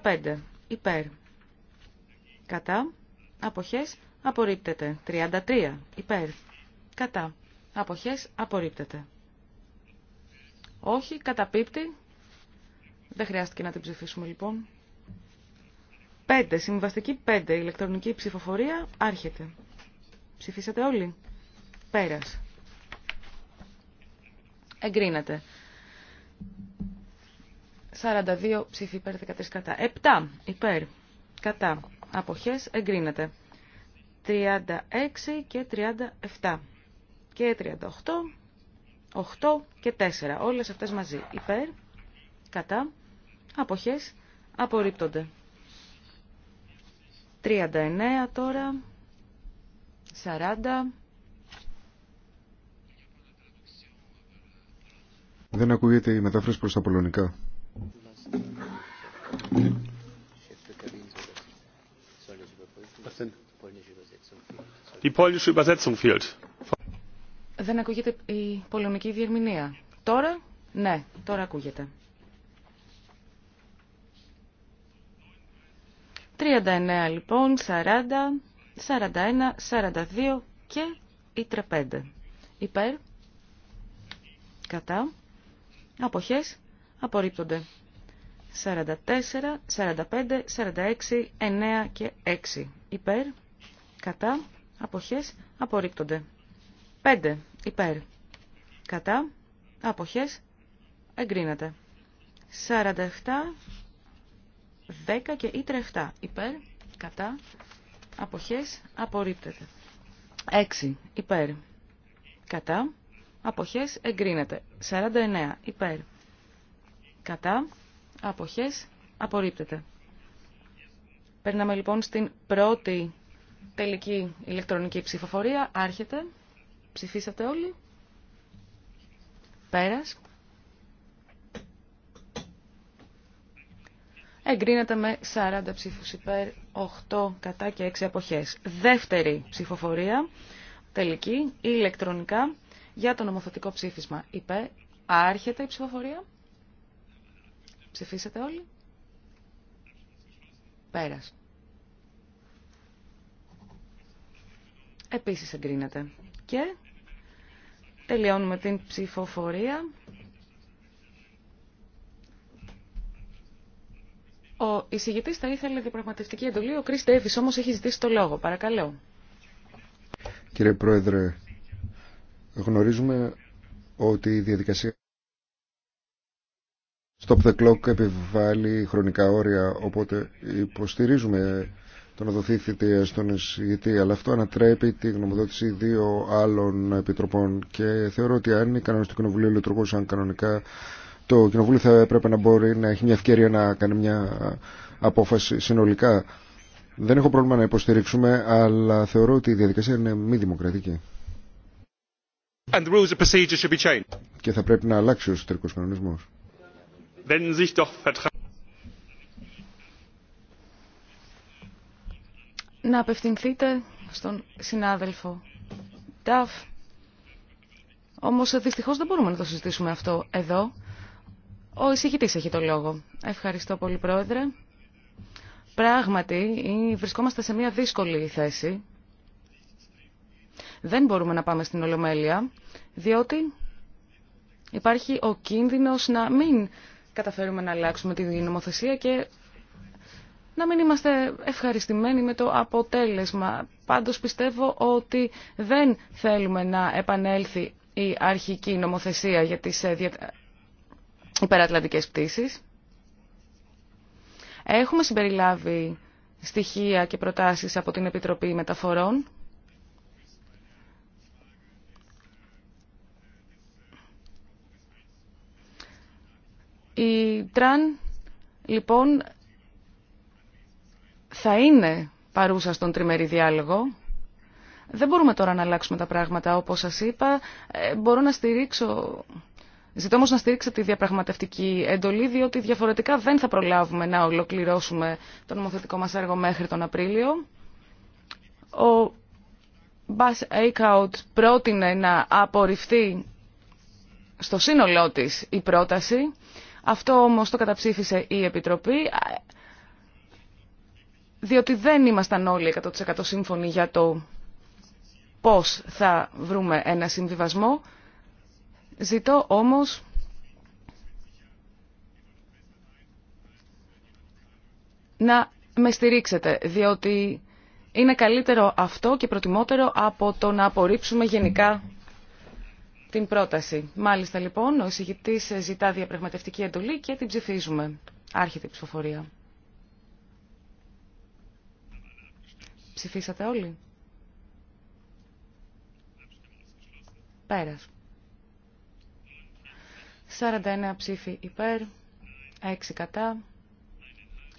D: 35. Υπέρ. Κατά. Αποχές απορρίπτεται. 33. Υπέρ. Κατά. Αποχές απορρίπτεται. Όχι, καταπίπτει. Δεν χρειάστηκε να την ψηφίσουμε λοιπόν. 5. Συμβαστική 5. Ηλεκτρονική ψηφοφορία άρχεται. Ψηφίσατε όλοι. Πέρας εγκρίνεται. 42 ψήφοι υπέρ, 13 κατά. 7 υπέρ, κατά. Αποχές εγκρίνεται. 36 και 37 και 38, 8 και 4. Όλες αυτές μαζί υπέρ, κατά. Αποχές απορρίπτονται. 39 τώρα, 40...
C: Δεν ακούγεται η μετάφραση προς τα πολωνικά.
D: Δεν ακούγεται η πολωνική διερμηνία. Τώρα, ναι, τώρα ακούγεται. 39 λοιπόν, 40, 41, 42 και η 35. Υπέρ, κατά, αποχές απορρίπτονται. 44, 45, 46, 9 και 6 υπέρ, κατά, αποχές απορρίπτονται. 5 υπέρ, κατά, αποχές εγκρίνεται. 47, 10 και ήτρε 7 υπέρ, κατά, αποχές απορρίπτεται. 6 υπέρ, κατά, Αποχές εγκρίνεται. 49. Υπέρ. Κατά. Αποχές απορρίπτεται. Περνάμε λοιπόν στην πρώτη τελική ηλεκτρονική ψηφοφορία. Άρχεται. Ψηφίσατε όλοι. Πέρας. Εγκρίνεται με 40 ψήφους υπέρ, 8 κατά και 6 αποχές. Δεύτερη ψηφοφορία, τελική, ηλεκτρονικά για το νομοθετικό ψήφισμα. Είπε, άρχεται η ψηφοφορία. Ψηφίσατε όλοι. Πέρας. Επίσης εγκρίνεται. Και τελειώνουμε την ψηφοφορία. Ο εισηγητή θα ήθελε διαπραγματευτική εντολή. Ο Κρι Εύης όμως έχει ζητήσει το λόγο. Παρακαλώ.
C: Κύριε Πρόεδρε, Γνωρίζουμε ότι η διαδικασία Stop the Clock επιβάλλει χρονικά όρια, οπότε υποστηρίζουμε το να δοθεί θητεία στον εισηγητή, αλλά αυτό ανατρέπει τη γνωμοδότηση δύο άλλων επιτροπών και θεωρώ ότι αν οι κανόνες του Κοινοβουλίου λειτουργούσαν κανονικά, το Κοινοβούλιο θα έπρεπε να μπορεί να έχει μια ευκαιρία να κάνει μια απόφαση συνολικά. Δεν έχω πρόβλημα να υποστηρίξουμε, αλλά θεωρώ ότι η διαδικασία είναι μη δημοκρατική.
A: And the rules of procedure should
C: be changed. Και θα πρέπει να αλλάξει ο εσωτερικός κανονισμός.
D: Να απευθυνθείτε στον συνάδελφο Νταφ. Όμως δυστυχώς δεν μπορούμε να το συζητήσουμε αυτό εδώ. Ο εισηγητής έχει το λόγο. Ευχαριστώ πολύ πρόεδρε. Πράγματι βρισκόμαστε σε μια δύσκολη θέση δεν μπορούμε να πάμε στην Ολομέλεια, διότι υπάρχει ο κίνδυνος να μην καταφέρουμε να αλλάξουμε την νομοθεσία και να μην είμαστε ευχαριστημένοι με το αποτέλεσμα. Πάντως πιστεύω ότι δεν θέλουμε να επανέλθει η αρχική νομοθεσία για τις ε, υπερατλαντικές πτήσεις. Έχουμε συμπεριλάβει στοιχεία και προτάσεις από την Επιτροπή Μεταφορών Η Τραν, λοιπόν, θα είναι παρούσα στον τριμερή διάλογο. Δεν μπορούμε τώρα να αλλάξουμε τα πράγματα, όπως σας είπα. Ε, μπορώ να στηρίξω... Ζητώ όμως να στηρίξω τη διαπραγματευτική εντολή, διότι διαφορετικά δεν θα προλάβουμε να ολοκληρώσουμε το νομοθετικό μας έργο μέχρι τον Απρίλιο. Ο Μπάς Αίκαουτ πρότεινε να απορριφθεί στο σύνολό της η πρόταση αυτό όμως το καταψήφισε η Επιτροπή, διότι δεν ήμασταν όλοι 100% σύμφωνοι για το πώς θα βρούμε ένα συμβιβασμό. Ζητώ όμως να με στηρίξετε, διότι είναι καλύτερο αυτό και προτιμότερο από το να απορρίψουμε γενικά την πρόταση. Μάλιστα λοιπόν, ο εισηγητής ζητά διαπραγματευτική εντολή και την ψηφίζουμε. Άρχεται η ψηφοφορία. Ψηφίσατε όλοι. Πέρας. 49 ψήφοι υπέρ, 6 κατά,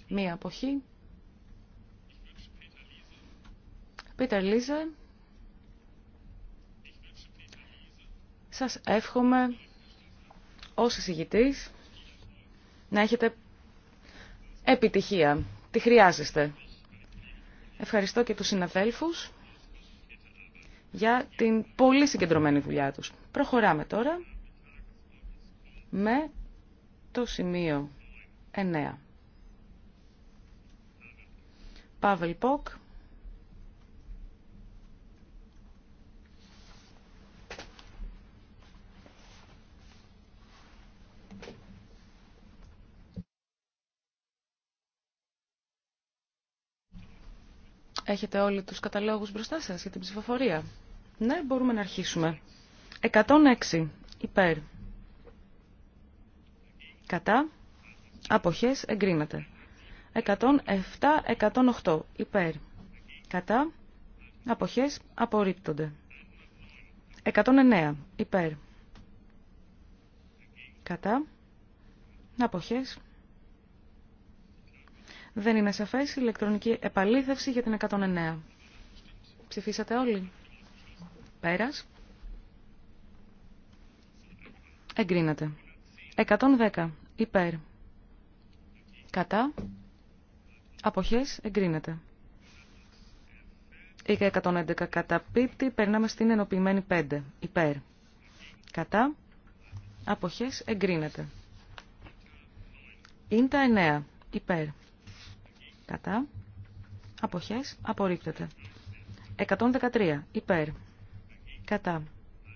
D: μία αποχή. Πίτερ Λίζε, Σας εύχομαι ως εισηγητής να έχετε επιτυχία. Τη χρειάζεστε. Ευχαριστώ και τους συναδέλφους για την πολύ συγκεντρωμένη δουλειά τους. Προχωράμε τώρα με το σημείο 9. Παύλ Ποκ, Έχετε όλοι τους καταλόγους μπροστά σας για την ψηφοφορία. Ναι, μπορούμε να αρχίσουμε. 106 υπέρ. Κατά. Αποχές εγκρίνεται. 107-108 υπέρ. Κατά. Αποχές απορρίπτονται. 109 υπέρ. Κατά. Αποχές δεν είναι σαφές. Ηλεκτρονική επαλήθευση για την 109. Ψηφίσατε όλοι. Πέρας. Εγκρίνατε. 110. Υπέρ. Κατά. Αποχές. Εγκρίνατε. Είχα 111 κατά πίπτη. Περνάμε στην ενοποιημένη 5. Υπέρ. Κατά. Αποχές. Εγκρίνατε. τα 9. Υπέρ. Κατά. Αποχές. Απορρίπτεται. 113. Υπέρ. Κατά.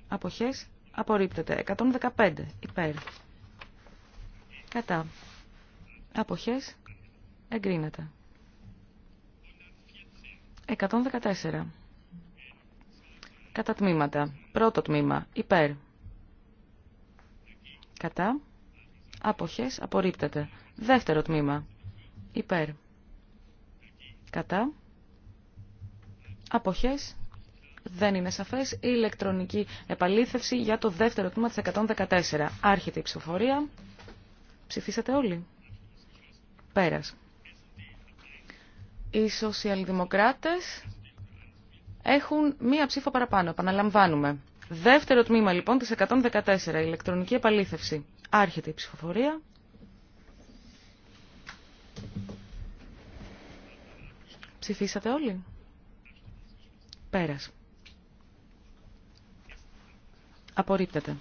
D: Αποχές. Απορρίπτεται. 115. Υπέρ. Κατά. Αποχές. Εγκρίνεται. 114. Κατά τμήματα. Πρώτο τμήμα. Υπέρ. Κατά. Άποχες. Απορρίπτεται. Δεύτερο τμήμα. Υπέρ. Κατά. Αποχές. Δεν είναι σαφές. Η ηλεκτρονική επαλήθευση για το δεύτερο τμήμα της 114. Άρχεται η ψηφοφορία. Ψηφίσατε όλοι. Πέρας. Οι σοσιαλδημοκράτες έχουν μία ψήφο παραπάνω. Επαναλαμβάνουμε. Δεύτερο τμήμα λοιπόν της 114. Ηλεκτρονική επαλήθευση. Άρχεται η ψηφοφορία. Ψηφίσατε όλοι. Πέρας. Απορρίπτεται.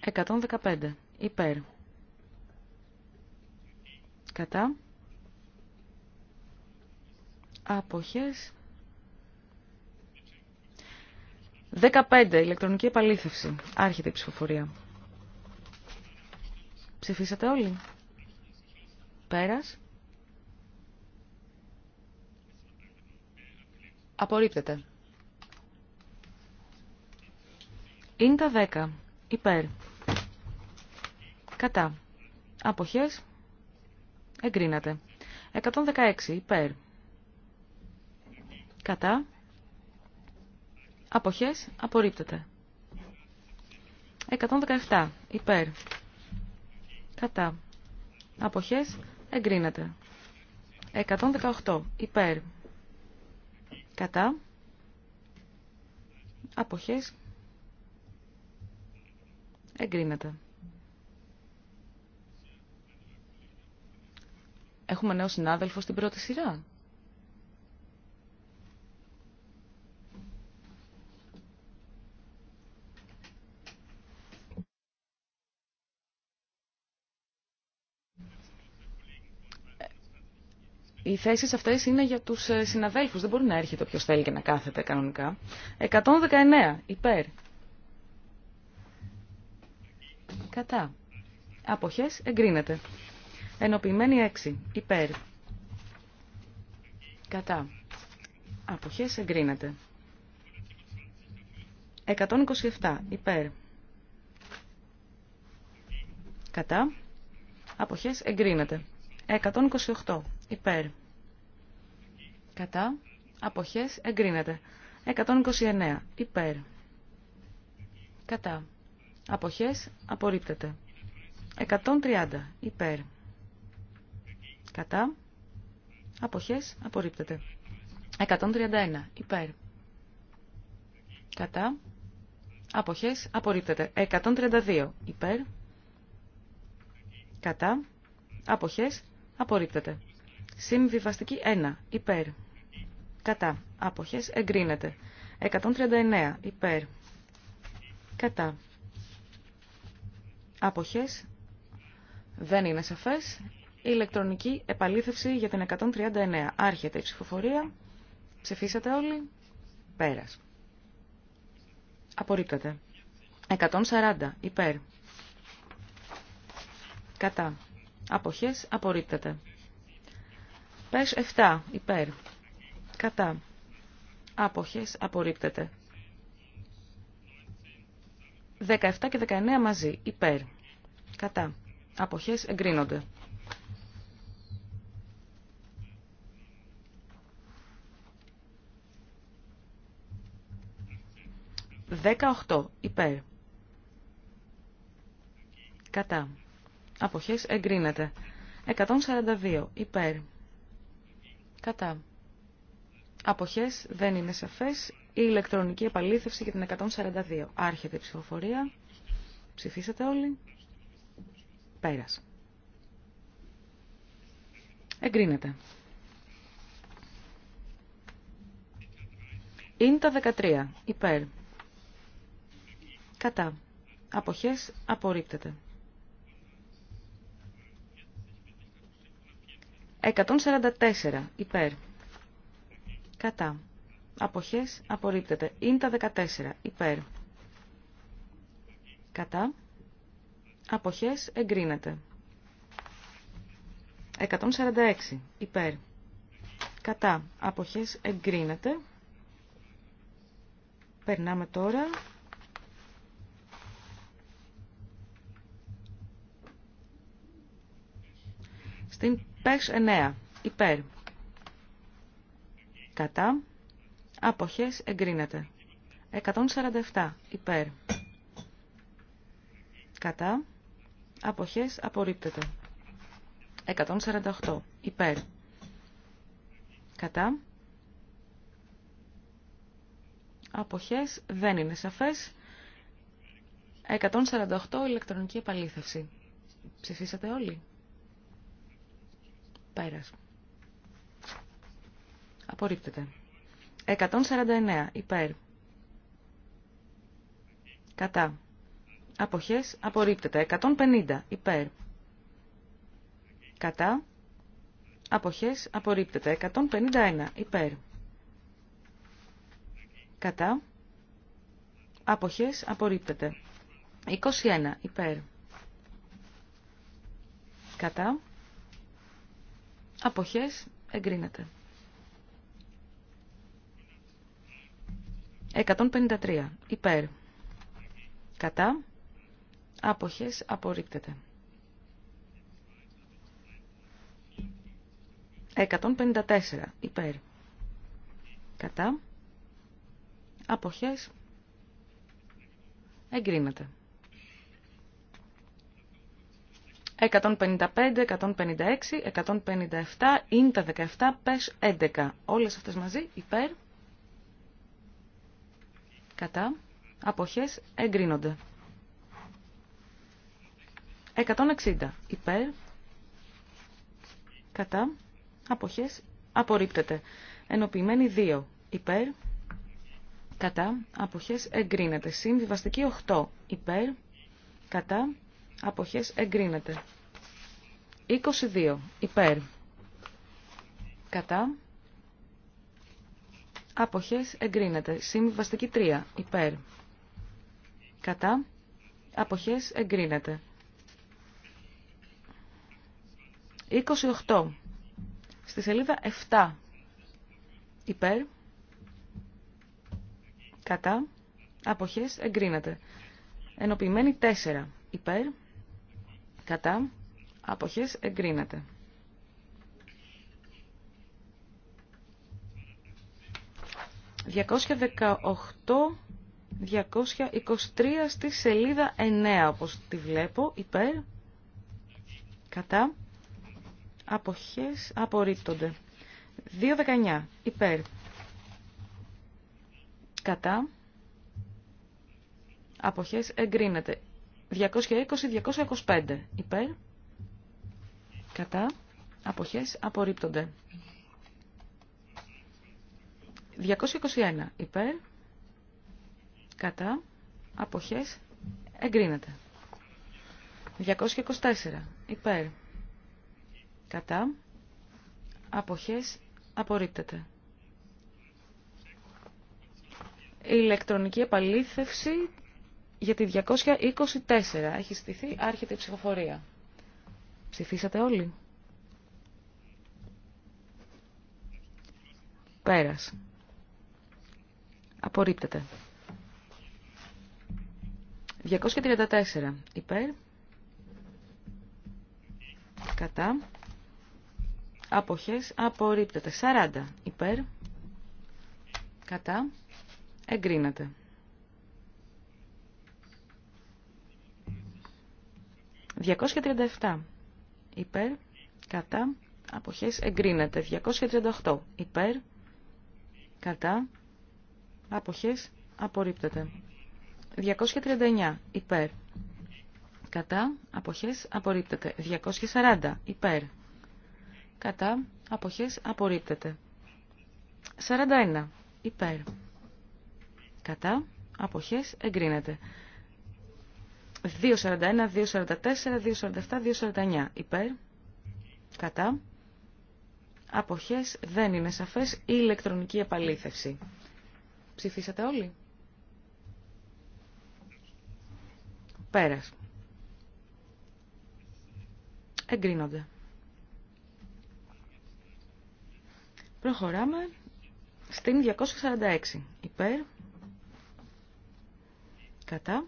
D: Εκατόν δεκαπέντε. Υπέρ. Κατά. Αποχές. 15. Ηλεκτρονική επαλήθευση. Άρχεται η ψηφοφορία. Ψηφίσατε όλοι. Πέρας. Απορρίπτεται. Είναι τα 10. Υπέρ. Κατά. Αποχές. Εγκρίνατε. 116. Υπέρ. Κατά. Αποχές. Απορρίπτεται. 117. Υπέρ. Κατά. Αποχές. Εγκρίνεται. 118. Υπέρ. Κατά. Αποχές. Εγκρίνεται. Έχουμε νέο συνάδελφο στην πρώτη σειρά. Οι θέσεις αυτές είναι για τους ε, συναδέλφους. Δεν μπορεί να έρχεται οποίο θέλει και να κάθεται κανονικά. 119. Υπέρ. Κατά. Αποχές. Εγκρίνεται. Ενοποιημένη 6. Υπέρ. Κατά. Αποχές. Εγκρίνεται. 127. Υπέρ. Κατά. Αποχές. Εγκρίνεται. 128. Υπέρ. Κατά. Αποχές. Εγκρίνεται. 129. Υπέρ. Κατά. Αποχές. Απορρίπτεται. 130. Υπέρ. Κατά. Αποχές. Απορρίπτεται. 131. Υπέρ. Κατά. Αποχές. Απορρίπτεται. 132. Υπέρ. Κατά. Αποχές. Απορρίπτεται. Συμβιβαστική 1. Υπέρ. Κατά. Αποχές εγκρίνεται. 139. Υπέρ. Κατά. Αποχές. Δεν είναι σαφές. Η ηλεκτρονική επαλήθευση για την 139. Άρχεται η ψηφοφορία. Ψηφίσατε όλοι. Πέρας. Απορρίπτεται. 140. Υπέρ. Κατά. Αποχές. Απορρίπτεται. Πες 7 υπέρ. Κατά. Άποχες απορρίπτεται. 17 και 19 μαζί υπέρ. Κατά. Αποχές εγκρίνονται. Δεκαοχτώ υπέρ. Κατά. Αποχές εγκρίνεται. 142 υπέρ. Κατά. Αποχές δεν είναι σαφές. Η ηλεκτρονική επαλήθευση για την 142. Άρχεται η ψηφοφορία. Ψηφίσατε όλοι. Πέρασε. Εγκρίνεται. Είναι τα 13. Υπέρ. Κατά. Αποχές απορρίπτεται. 144 υπέρ. Κατά. Αποχές απορρίπτεται. Είναι τα 14 υπέρ. Κατά. Αποχές εγκρίνεται. 146 υπέρ. Κατά. Αποχές εγκρίνεται. Περνάμε τώρα Στην ΠΕΣ 9. Υπέρ. Κατά. Αποχές εγκρίνεται. 147. Υπέρ. Κατά. Αποχές απορρίπτεται. 148. Υπέρ. Κατά. Αποχές δεν είναι σαφές. 148 ηλεκτρονική επαλήθευση. Ψηφίσατε όλοι. Πέρας. Απορρίπτεται. 149 υπέρ. Κατά. Αποχές απορρίπτεται. 150 υπέρ. Κατά. Αποχές απορρίπτεται. 151 υπέρ. Κατά. Αποχές απορρίπτεται. 21 υπέρ. Κατά. Αποχές εγκρίνεται. 153. Υπέρ. Κατά. Άποχες απορρίπτεται. 154. Υπέρ. Κατά. Αποχές εγκρίνεται. 155, 156, 157, ίντα 17, πες 11. Όλες αυτές μαζί υπέρ, κατά, αποχές εγκρίνονται. 160 υπέρ, κατά, αποχές απορρίπτεται. Ενοποιημένοι 2 υπέρ, κατά, αποχές εγκρίνεται. Συμβιβαστική 8 υπέρ, κατά, αποχές εγκρίνεται. 22 υπέρ κατά αποχές εγκρίνεται. Συμβαστική 3 υπέρ κατά αποχές εγκρίνεται. 28 στη σελίδα 7 υπέρ κατά αποχές εγκρίνεται. Ενοποιημένη 4 υπέρ Κατά. Αποχές εγκρίνεται. 218-223 στη σελίδα 9, όπως τη βλέπω, υπέρ, κατά, αποχές, απορρίπτονται. 219, υπέρ, κατά, αποχές, εγκρίνεται. 220-225 υπέρ, κατά, αποχές απορρίπτονται. 221 υπέρ, κατά, αποχές εγκρίνεται. 224 υπέρ, κατά, αποχές απορρίπτεται. Ηλεκτρονική επαλήθευση για τη 224. Έχει στηθεί, άρχεται η ψηφοφορία. Ψηφίσατε όλοι. Πέρας. Απορρίπτεται. 234. Υπέρ. Κατά. Αποχές. Απορρίπτεται. 40. Υπέρ. Κατά. Εγκρίνεται. 237 υπέρ, κατά, αποχές εγκρίνεται. 238 υπέρ, κατά, αποχές απορρίπτεται. 239 υπέρ, κατά, αποχές απορρίπτεται. 240 υπέρ, κατά, αποχές απορρίπτεται. 41 υπέρ, κατά, αποχές εγκρίνεται. 2.41, 2.44, 2.47, 2.49. Υπέρ. Κατά. Αποχές δεν είναι σαφές η ηλεκτρονική επαλήθευση. Ψηφίσατε όλοι. Πέρας. Εγκρίνονται. Προχωράμε στην 246. Υπέρ. Κατά.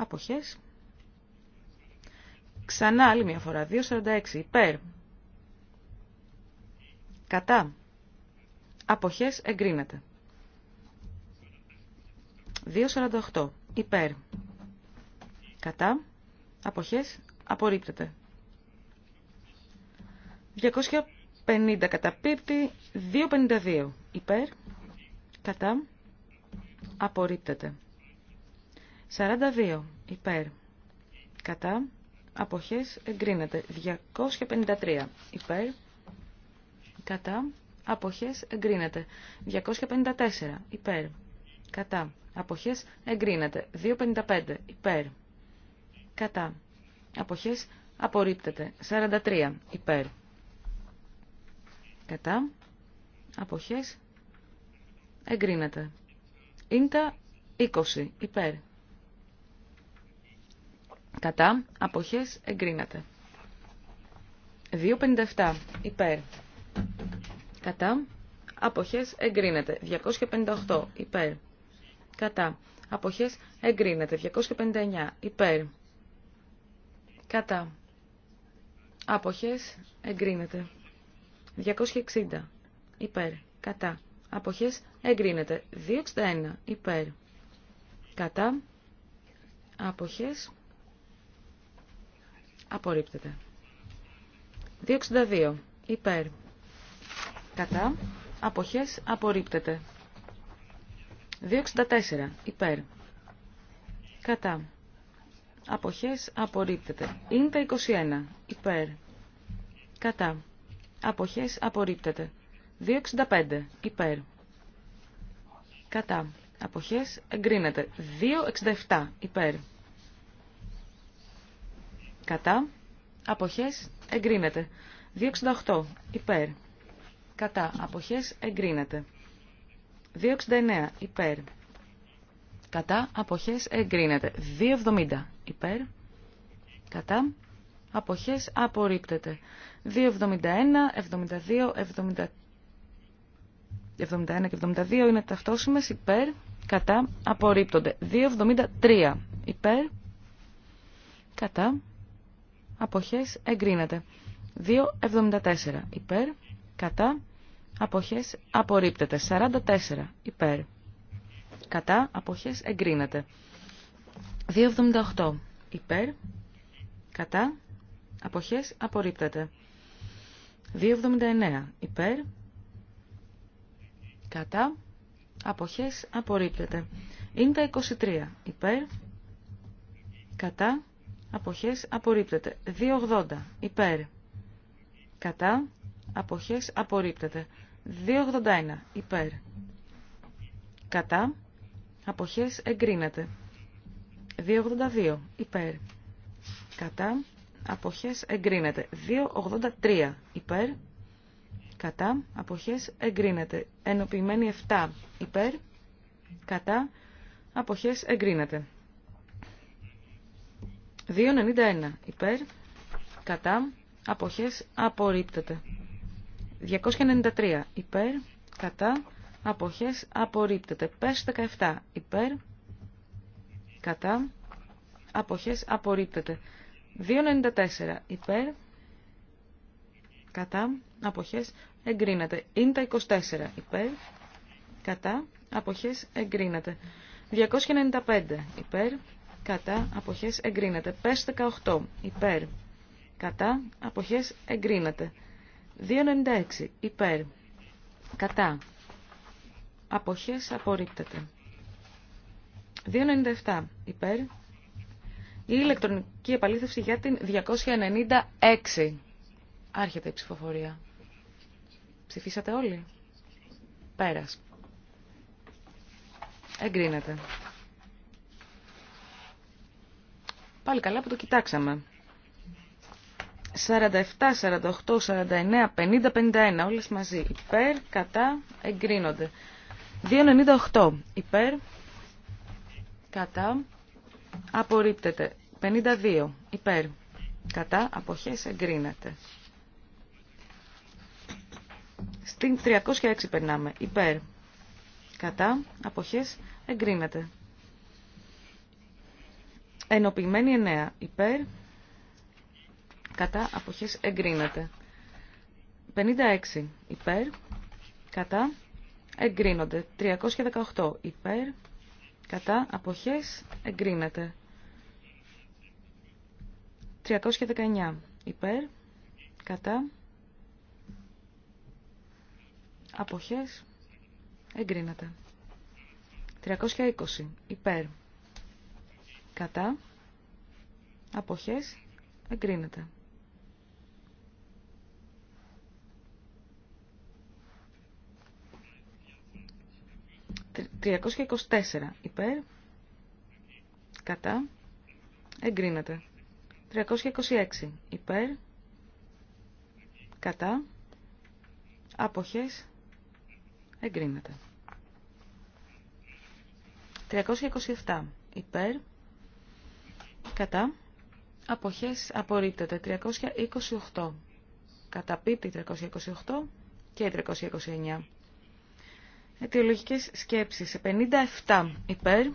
D: Αποχές. Ξανά άλλη μια φορά. 2.46. Υπέρ. Κατά. Αποχές εγκρίνεται. 2.48. Υπέρ. Κατά. Αποχές απορρίπτεται. 250 καταπίπτει. 2.52. Υπέρ. Κατά. Απορρίπτεται. 42 υπέρ. Κατά. Αποχές εγκρίνεται. 253 υπέρ. Κατά. Αποχές εγκρίνεται. 254 υπέρ. Κατά. Αποχές εγκρίνεται. 255 υπέρ. Κατά. Αποχές απορρίπτεται. 43 υπέρ. Κατά. Αποχές εγκρίνεται. Ίντα 20 υπέρ. Κατά. Αποχές εγκρίνεται. 257. Υπέρ. Κατά. Αποχές εγκρίνεται. 258. Υπέρ. Κατά. Αποχές εγκρίνεται. 259. Υπέρ. Κατά. Αποχές εγκρίνεται. 260. Υπέρ. Κατά. Αποχές εγκρίνεται. 261. Υπέρ. Κατά. Αποχές Απορρίπτεται. 262. Υπέρ. Κατά. Αποχές. Απορρίπτεται. 264. Υπέρ. Κατά. Αποχές. Απορρίπτεται. τα 21. Υπέρ. Κατά. Αποχές. Απορρίπτεται. 265. Υπέρ. Κατά. Αποχές. Εγκρίνεται. 267. Υπέρ. Κατά. Αποχές. Εγκρίνεται. 268. Υπέρ. Κατά. Αποχές. Εγκρίνεται. 269. Υπέρ. Κατά. Αποχές. Εγκρίνεται. 270. Υπέρ. Κατά. Αποχές. Απορρίπτεται. 271, 72, 71 και 72 είναι ταυτόσιμες υπέρ, κατά, απορρίπτονται. 2,73 υπέρ, κατά, αποχές εγκρίνεται. 2.74 υπέρ, κατά, αποχές απορρίπτεται. 44 υπέρ, κατά, αποχές εγκρίνεται. 2.78 υπέρ, κατά, αποχές απορρίπτεται. 2.79 υπέρ, κατά, αποχές απορρίπτεται. Είναι τα 23 υπέρ, κατά, αποχές απορρίπτεται. 2.80 υπέρ κατά αποχές απορρίπτεται. 2.81 υπέρ κατά αποχές εγκρίνεται. 2.82 υπέρ κατά αποχές εγκρίνεται. 2.83 υπέρ κατά αποχές εγκρίνεται. Ενοποιημένη 7 υπέρ κατά αποχές εγκρίνεται. 291 υπέρ, κατά, αποχές, απορρίπτεται. 293 υπέρ, κατά, αποχές, απορρίπτεται. Πες 17 υπέρ, κατά, αποχές, απορρίπτεται. 294 υπέρ, κατά, αποχές, εγκρίνεται. τα 24 υπέρ, κατά, αποχές, εγκρίνεται. 295 υπέρ, κατά αποχές εγκρίνεται. Πες 18 υπέρ κατά αποχές εγκρίνεται. 2.96 υπέρ κατά αποχές απορρίπτεται. 2.97 υπέρ η ηλεκτρονική επαλήθευση για την 296. Άρχεται η ψηφοφορία. Ψηφίσατε όλοι. Πέρας. Εγκρίνεται. Πάλι καλά που το κοιτάξαμε. 47, 48, 49, 50, 51, όλες μαζί. Υπέρ, κατά, εγκρίνονται. 2,98. Υπέρ, κατά, απορρίπτεται. 52. Υπέρ, κατά, αποχές, εγκρίνεται. Στην 306 περνάμε. Υπέρ, κατά, αποχές, εγκρίνεται. Ενοποιημένη 9. Υπέρ. Κατά. Αποχές εγκρίνεται. 56. Υπέρ. Κατά. Εγκρίνονται. 318. Υπέρ. Κατά. Αποχές εγκρίνεται. 319. Υπέρ. Κατά. Αποχές εγκρίνεται. 320. Υπέρ κατά, αποχές, εγκρίνεται. 324 υπέρ, κατά, εγκρίνεται. 326 υπέρ, κατά, αποχές, εγκρίνεται. 327 υπέρ, κατά, αποχές απορρίπτεται 328, Κατά καταπίπτει 328 και 329. Αιτιολογικές σκέψεις 57 υπέρ,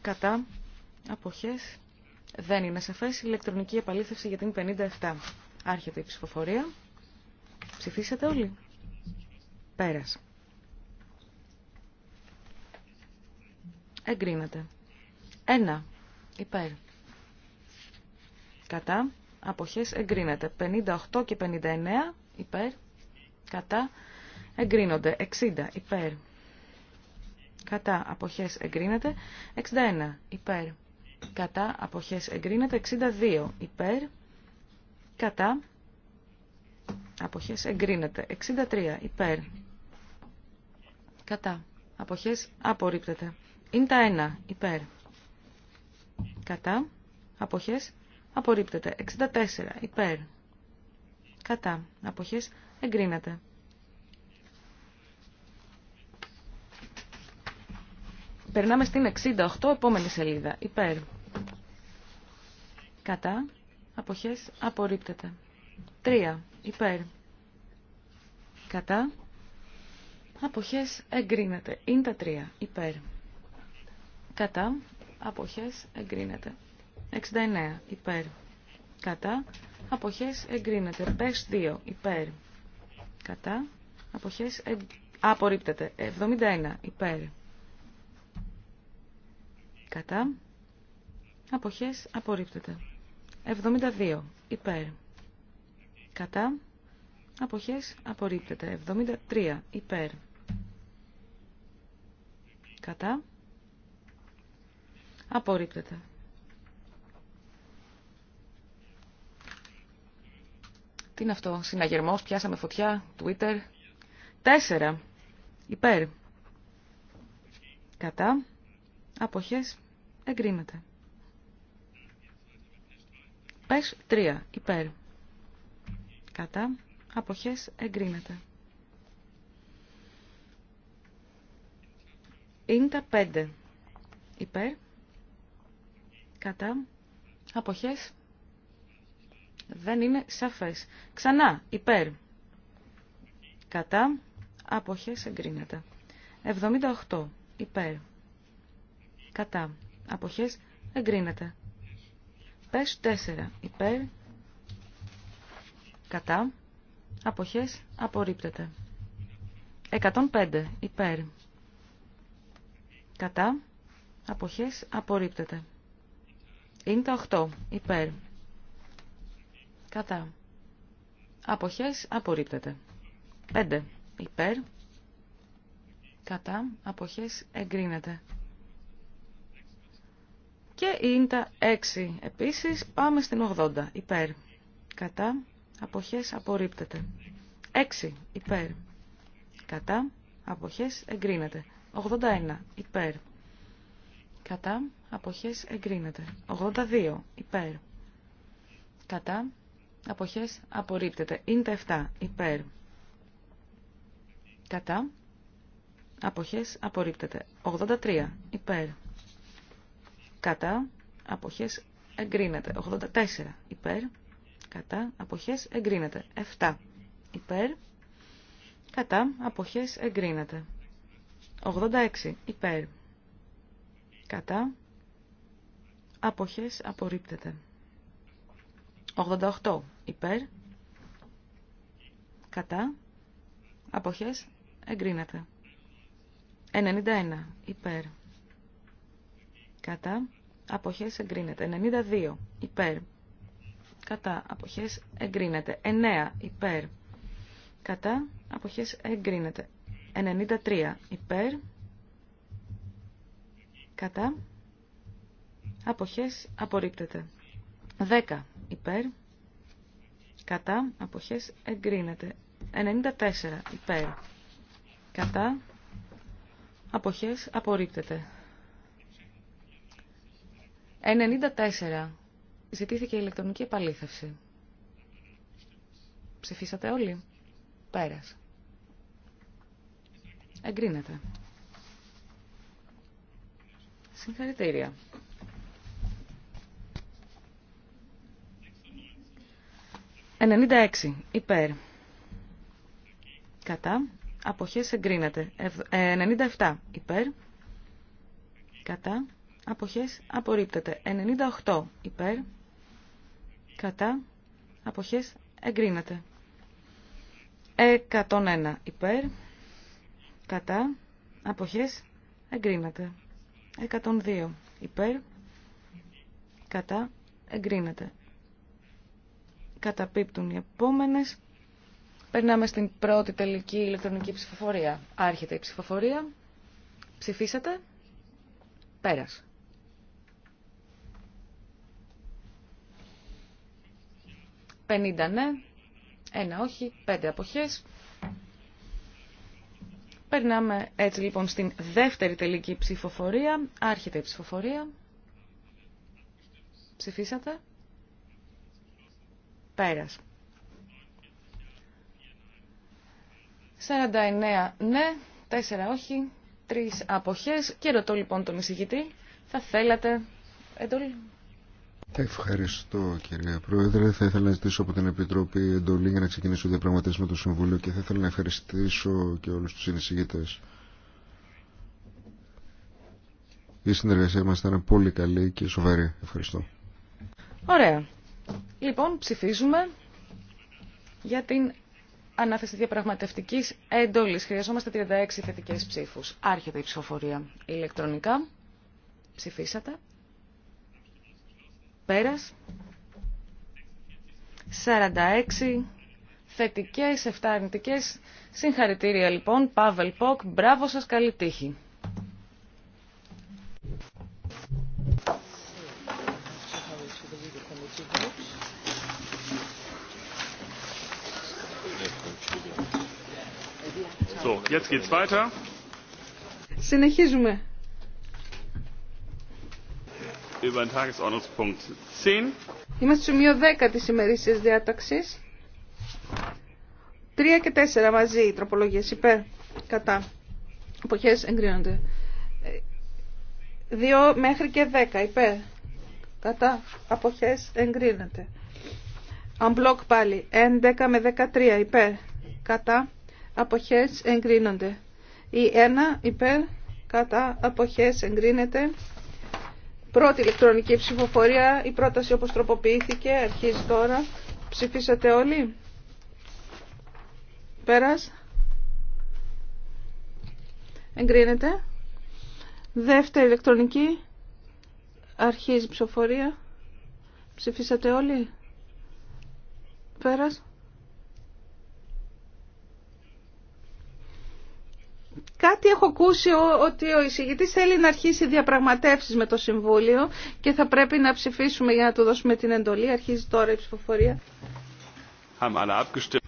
D: κατά, αποχές, δεν είναι σαφές, ηλεκτρονική επαλήθευση για την 57. Άρχεται η ψηφοφορία. Ψηφίσατε όλοι. Πέρας. Εγκρίνεται. Ένα. Υπέρ. Κατά. Αποχές εγκρίνεται. 58 και 59 υπέρ. Κατά. Εγκρίνονται. 60 υπέρ. Κατά. Αποχές εγκρίνεται. 61 υπέρ. Κατά. Αποχές εγκρίνεται. 62 υπέρ. Κατά. Αποχές εγκρίνεται. 63 υπέρ. Κατά. Αποχές απορρίπτεται. Είναι τα 1 υπέρ. Κατά. Αποχές. Απορρίπτεται. 64. Υπέρ. Κατά. Αποχές. Εγκρίνεται. Περνάμε στην 68, επόμενη σελίδα. Υπέρ. Κατά. Αποχές. Απορρίπτεται. 3. Υπέρ. Κατά. Αποχές. Εγκρίνεται. Είναι τα 3. Υπέρ. Κατά αποχές εγκρίνεται. 69 υπέρ κατά αποχές εγκρίνεται. Πες 2 υπέρ κατά αποχές εγ... απορρίπτεται. 71 υπέρ κατά αποχές απορρίπτεται. 72 υπέρ κατά αποχές απορρίπτεται. 73 υπέρ κατά Απορρίπτεται. Τι είναι αυτό, συναγερμός, πιάσαμε φωτιά, Twitter. Τέσσερα. Υπέρ. Κατά. Αποχές. Εγκρίνεται. Πες τρία. Υπέρ. Κατά. Αποχές. Εγκρίνεται. Είναι τα πέντε. Υπέρ κατά, αποχές, δεν είναι σαφές. Ξανά, υπέρ, κατά, αποχές, εγκρίνεται. 78, υπέρ, κατά, αποχές, εγκρίνεται. Πες 4, υπέρ, κατά, αποχές, απορρίπτεται. 105, υπέρ, κατά, αποχές, απορρίπτεται. Είναι Υπέρ. Κατά. Αποχές απορρίπτεται. 5. Υπέρ. Κατά. Αποχές εγκρίνεται. Και είναι τα 6. Επίσης πάμε στην 80. Υπέρ. Κατά. Αποχές απορρίπτεται. 6. Υπέρ. Κατά. Αποχές εγκρίνεται. 81. Υπέρ. Κατά. Αποχές εγκρίνεται. 82. Υπέρ. Κατά. Αποχές απορρίπτεται. τα 7. Υπέρ. Κατά. Αποχές απορρίπτεται. 83. Υπέρ. Κατά. Αποχές εγκρίνεται. 84. Υπέρ. Κατά. Αποχές εγκρίνεται. 7. Υπέρ. Κατά. Αποχές εγκρίνεται. 86. Υπέρ κατά, αποχές απορρίπτεται. 88 υπέρ, κατά, αποχές εγκρίνεται. 91 υπέρ, κατά, αποχές εγκρίνεται. 92 υπέρ, κατά, αποχές εγκρίνεται. 9 υπέρ, κατά, αποχές εγκρίνεται. 93 υπέρ, κατά, αποχές απορρίπτεται. 10 υπέρ, κατά, αποχές εγκρίνεται. 94 υπέρ, κατά, αποχές απορρίπτεται. 94 ζητήθηκε ηλεκτρονική επαλήθευση. Ψηφίσατε όλοι. Πέρας. Εγκρίνεται. Συγχαρητήρια. 96 96. Υπέρ. Κατά. Αποχές εγκρίνεται. 97. Ε, υπέρ. Κατά. Αποχές απορρίπτεται. 98. Υπέρ. Κατά. Αποχές εγκρίνεται. 101. Υπέρ. Κατά. Αποχές εγκρίνεται. 102 υπέρ, κατά, εγκρίνεται. Καταπίπτουν οι επόμενε. Περνάμε στην πρώτη τελική ηλεκτρονική ψηφοφορία. Άρχεται η ψηφοφορία. Ψηφίσατε. Πέρας. 50 ναι, 1 όχι, 5 αποχές. Περνάμε έτσι λοιπόν στην δεύτερη τελική ψηφοφορία. Άρχεται η ψηφοφορία. Ψηφίσατε. Πέρας. 49 ναι, 4 όχι, 3 αποχές. Και ρωτώ λοιπόν τον εισηγητή, θα θέλατε εντολή.
C: Ευχαριστώ κύριε Πρόεδρε. Θα ήθελα να ζητήσω από την Επιτροπή εντολή για να ξεκινήσω το με του Συμβουλίου και θα ήθελα να ευχαριστήσω και όλους τους συνεισηγητές. Η συνεργασία μας ήταν πολύ καλή και σοβαρή. Ευχαριστώ.
D: Ωραία. Λοιπόν, ψηφίζουμε για την ανάθεση διαπραγματευτικής εντολής. Χρειαζόμαστε 36 θετικές ψήφους. Άρχεται η ψηφοφορία ηλεκτρονικά. Ψηφίσατε. 46 θετικές, 7 αρνητικές. Συγχαρητήρια λοιπόν, Παύελ Ποκ. Μπράβο σας, καλή τύχη.
C: So, jetzt geht's
A: weiter.
B: Συνεχίζουμε. Είμαστε στο σημείο 10 τη ημερησία διάταξη. 3 και 4 μαζί οι τροπολογίε. υπέρ, κατά. Εποχές εγκρίνονται. 2 μέχρι και 10 υπέρ, κατά. απόχέ εγκρίνεται. Αμπλοκ πάλι. 11 με 13 υπέρ, κατά. Αποχές εγκρίνονται. Η 1 υπέρ, κατά. αποχέ εγκρίνεται. Πρώτη ηλεκτρονική ψηφοφορία, η πρόταση όπως τροποποιήθηκε, αρχίζει τώρα. Ψηφίσατε όλοι. Πέρας. Εγκρίνεται. Δεύτερη ηλεκτρονική, αρχίζει η ψηφοφορία. Ψηφίσατε όλοι. Πέρας. Κάτι έχω ακούσει ότι ο εισηγητή θέλει να αρχίσει διαπραγματεύσεις με το Συμβούλιο και θα πρέπει να ψηφίσουμε για να του δώσουμε την εντολή. Αρχίζει τώρα η ψηφοφορία.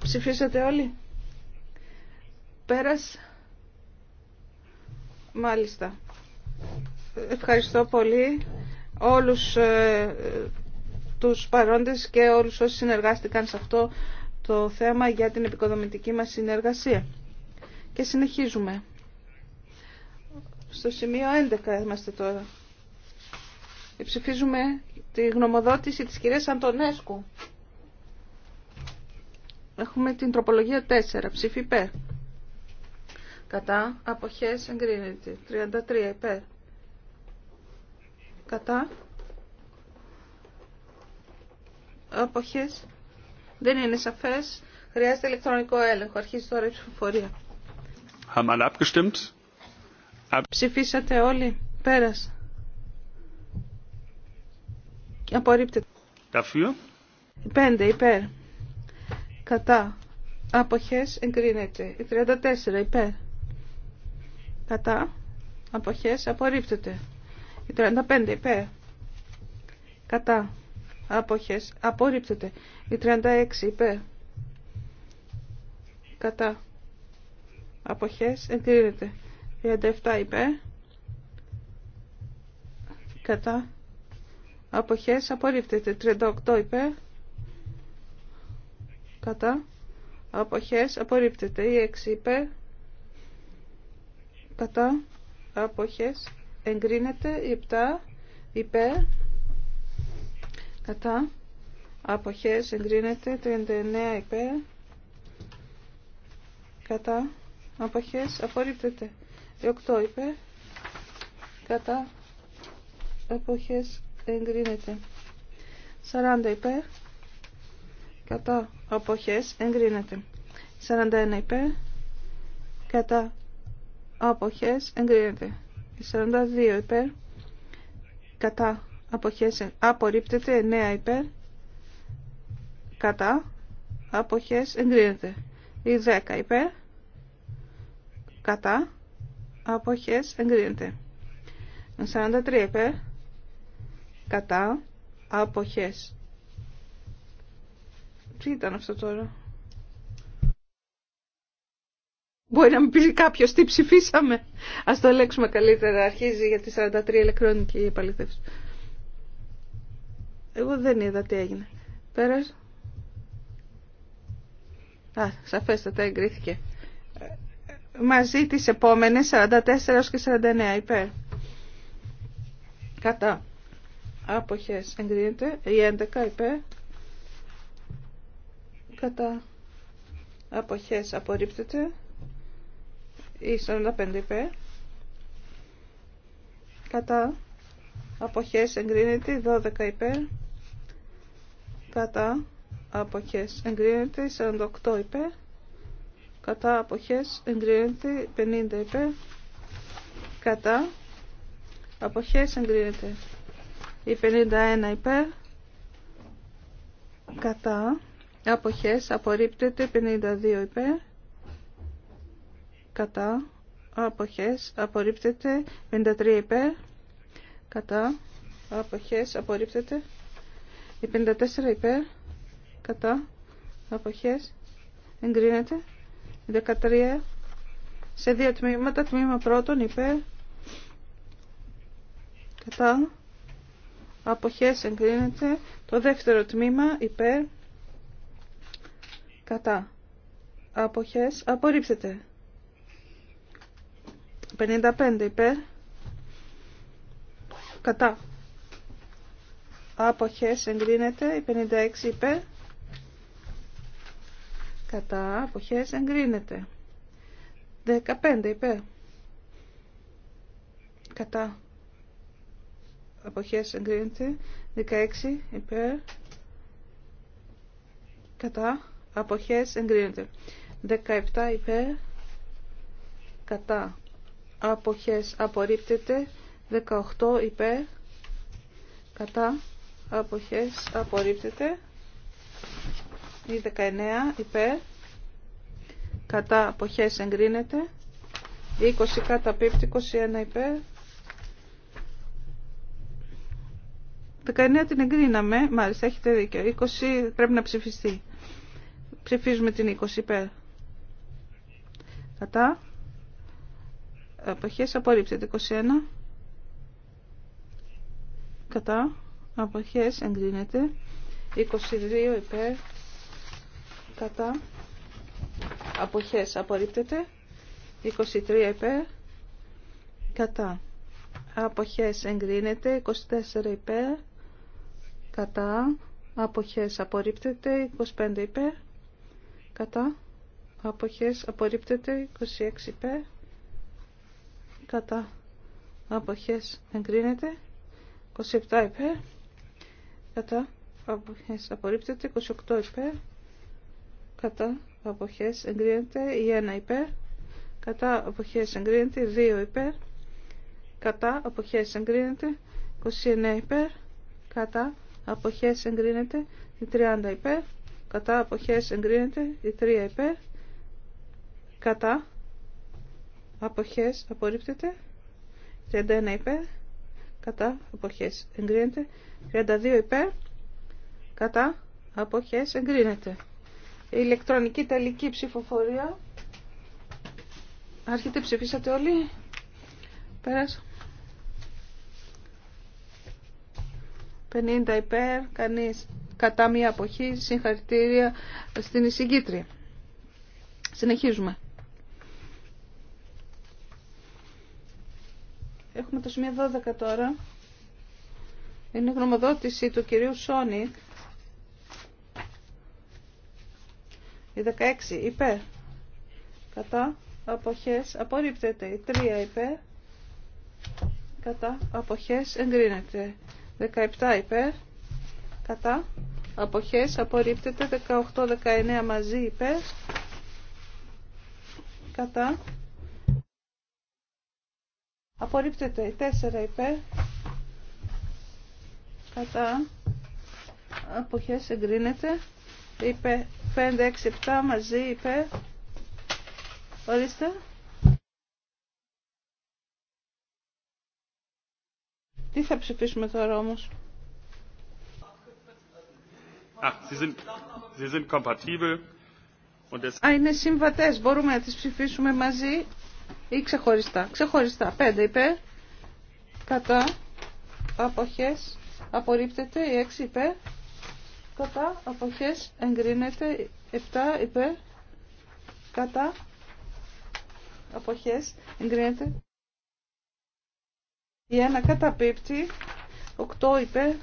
B: Ψηφίσατε όλοι. Πέρας. Μάλιστα. Ευχαριστώ πολύ όλους ε, τους παρόντες και όλους όσοι συνεργάστηκαν σε αυτό το θέμα για την επικοδομητική μας συνεργασία. Και συνεχίζουμε. Στο σημείο 11 είμαστε τώρα. Ψηφίζουμε τη γνωμοδότηση της κυρίας Αντωνέσκου. Έχουμε την τροπολογία 4. Ψήφι υπέρ. Κατά. Αποχές εγκρίνεται. 33 υπέρ. Κατά. Αποχές. Δεν είναι σαφές. Χρειάζεται ηλεκτρονικό έλεγχο. Αρχίζει τώρα η ψηφοφορία.
A: Haben abgestimmt? Ψηφίσατε όλοι. Πέρας. Απορρίπτεται. Dafür.
B: Πέντε υπέρ. Κατά. Αποχές εγκρίνεται. 34 υπέρ. Κατά. Αποχές απορρίπτεται. 35 υπέρ. Κατά. Αποχές απορρίπτεται. 36 υπέρ. Κατά. Αποχές εγκρίνεται. 37 είπε, Κατά. Αποχές απορρίπτεται. 38 είπε, Κατά. Αποχές απορρίπτεται. Η 6 είπε, Κατά. Αποχές εγκρίνεται. Η 7 είπε, Κατά. Αποχές εγκρίνεται. 39 είπε, Κατά. Αποχές απορρίπτεται. 8 υπέρ κατά αποχές εγκρίνεται 40 υπέρ κατά αποχές εγκρίνεται 41 υπέρ κατά αποχές εγκρίνεται 42 υπέρ κατά αποχές ε, απορρίπτεται 9 υπέρ κατά αποχές εγκρίνεται η 10 υπέρ κατά αποχές εγκρίνεται. 43 επε κατά αποχές. Τι ήταν αυτό τώρα. Μπορεί να μην πει κάποιο τι ψηφίσαμε. Ας το ελέγξουμε καλύτερα. Αρχίζει για τη 43 ηλεκτρονική επαλήθευση. Εγώ δεν είδα τι έγινε. Πέρας. Α, σαφέστατα εγκρίθηκε μαζί τις επόμενες 44 και 49 υπέρ. Κατά. Άποχες εγκρίνεται. Η 11 υπέρ. Κατά. Αποχές απορρίπτεται. Η 45 υπέρ. Κατά. Αποχές εγκρίνεται. 12 υπέρ. Κατά. Αποχές εγκρίνεται. Η 48 υπέρ κατά αποχές εγκρίνεται 50 υπέρ κατά αποχές εγκρίνεται η 51 υπέρ κατά αποχές απορρίπτεται 52 υπέρ κατά αποχές απορρίπτεται 53 υπέρ κατά αποχές απορρίπτεται η 54 υπέρ κατά αποχές εγκρίνεται 13 σε δύο τμήματα. Τμήμα πρώτον υπέρ κατά αποχές εγκρίνεται. Το δεύτερο τμήμα υπέρ κατά αποχές απορρίψεται. 55 υπέρ κατά αποχές εγκρίνεται. 56 υπέρ κατά αποχές εγκρίνεται 15 υπέρ κατά αποχές εγκρίνεται 16 υπέρ κατά αποχές εγκρίνεται 17 υπέρ κατά αποχές απορρίπτεται 18 υπέρ κατά αποχές απορρίπτεται ή 19 υπέρ κατά αποχές εγκρίνεται 20 κατά πίπτη 21 υπέρ 19 την εγκρίναμε μάλιστα έχετε δίκιο 20 πρέπει να ψηφιστεί ψηφίζουμε την 20 υπέρ κατά αποχές απορρίπτεται 21 κατά αποχές εγκρίνεται 22 υπέρ κατά αποχές απορρίπτεται 23 υπέρ κατά αποχές εγκρίνεται 24 υπέρ κατά αποχές απορρίπτεται 25 υπέρ κατά αποχές απορρίπτεται 26 υπέρ κατά αποχές εγκρίνεται 27 υπέρ κατά αποχές απορρίπτεται 28 υπέρ κατά αποχές εγκρίνεται η 1 υπέρ κατά αποχές εγκρίνεται η 2 υπέρ κατά αποχές εγκρίνεται 29 υπέρ κατά αποχές εγκρίνεται η 30 υπέρ κατά αποχές εγκρίνεται η 3 υπέρ κατά αποχές απορρίπτεται 31 υπέρ κατά αποχές εγκρίνεται 32 υπέρ κατά αποχές εγκρίνεται ηλεκτρονική τελική ψηφοφορία. Άρχεται, ψηφίσατε όλοι. Πέρασα. 50 υπέρ, κανείς κατά μία αποχή, συγχαρητήρια στην εισηγήτρια. Συνεχίζουμε. Έχουμε το σημείο 12 τώρα. Είναι η γνωμοδότηση του κυρίου Σόνικ Η 16 υπέρ. Κατά αποχές απορρίπτεται. Η 3 υπέρ. Κατά αποχές εγκρίνεται. 17 υπέρ. Κατά αποχές απορρίπτεται. 18-19 μαζί υπέρ. Κατά. Απορρίπτεται. Η 4 υπέρ. Κατά. Αποχές εγκρίνεται είπε 5, 6, 7 μαζί είπε ορίστε τι θα ψηφίσουμε τώρα όμως
A: Α, sie sind, sie sind Α,
B: είναι συμβατές. Μπορούμε να τις ψηφίσουμε μαζί ή ξεχωριστά. Ξεχωριστά. 5 είπε. Κατά. Αποχές. Απορρίπτεται. Η 6 είπε κατά αποχές εγκρίνεται 7 υπέρ κατά αποχές εγκρίνεται η 1 καταπίπτει 8 υπέρ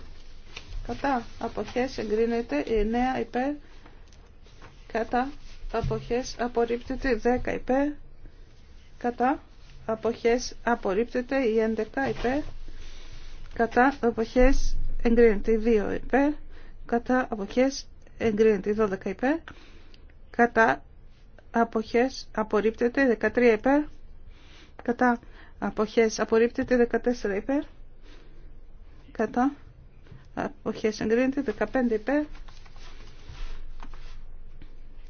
B: κατά αποχές εγκρίνεται 9 υπέρ κατά αποχές απορρίπτεται 10 υπέρ κατά αποχές απορρίπτεται η 11 υπέρ κατά αποχές εγκρίνεται 2 υπέρ κατά αποχές εγκρίνεται 12 υπέρ κατά αποχές απορρίπτεται 13 υπέρ κατά αποχές απορρίπτεται 14 υπέρ κατά αποχές εγκρίνεται 15 υπέρ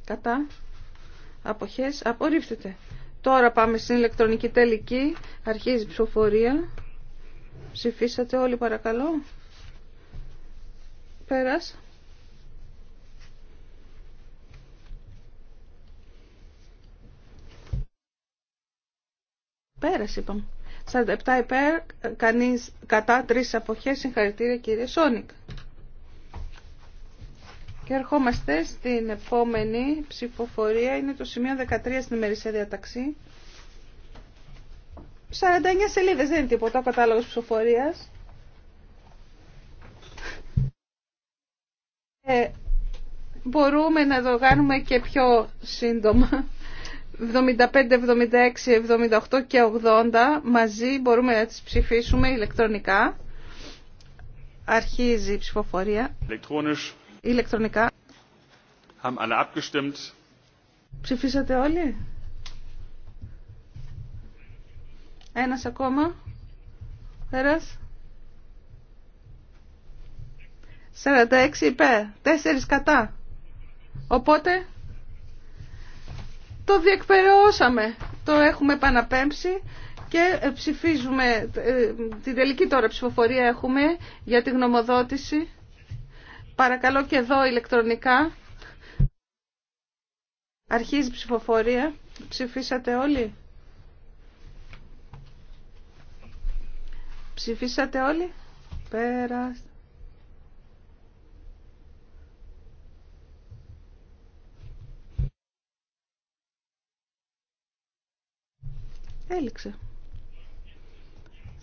B: κατά αποχές απορρίπτεται τώρα πάμε στην ηλεκτρονική τελική αρχίζει η ψηφοφορία ψηφίσατε όλοι παρακαλώ Πέρας. είπαμε. 47 υπέρ, κανείς κατά τρεις αποχές, συγχαρητήρια κύριε Σόνικ. Και ερχόμαστε στην επόμενη ψηφοφορία, είναι το σημείο 13 στην ημερησία διαταξή. 49 σελίδες δεν είναι τίποτα ο κατάλογος ψηφοφορίας. Ε, μπορούμε να το κάνουμε και πιο σύντομα. 75, 76, 78 και 80 μαζί μπορούμε να τις ψηφίσουμε ηλεκτρονικά. Αρχίζει η ψηφοφορία. Ηλεκτρονικά.
A: Haben
B: Ψηφίσατε όλοι. Ένας ακόμα. Πέρας. 46 υπέρ, 4 κατά. Οπότε το διεκπαιρεώσαμε, το έχουμε επαναπέμψει και ε, ψηφίζουμε, ε, την τελική τώρα ψηφοφορία έχουμε για τη γνωμοδότηση. Παρακαλώ και εδώ ηλεκτρονικά. Αρχίζει η ψηφοφορία. Ψηφίσατε όλοι. Ψηφίσατε όλοι. Πέρα. Έληξε.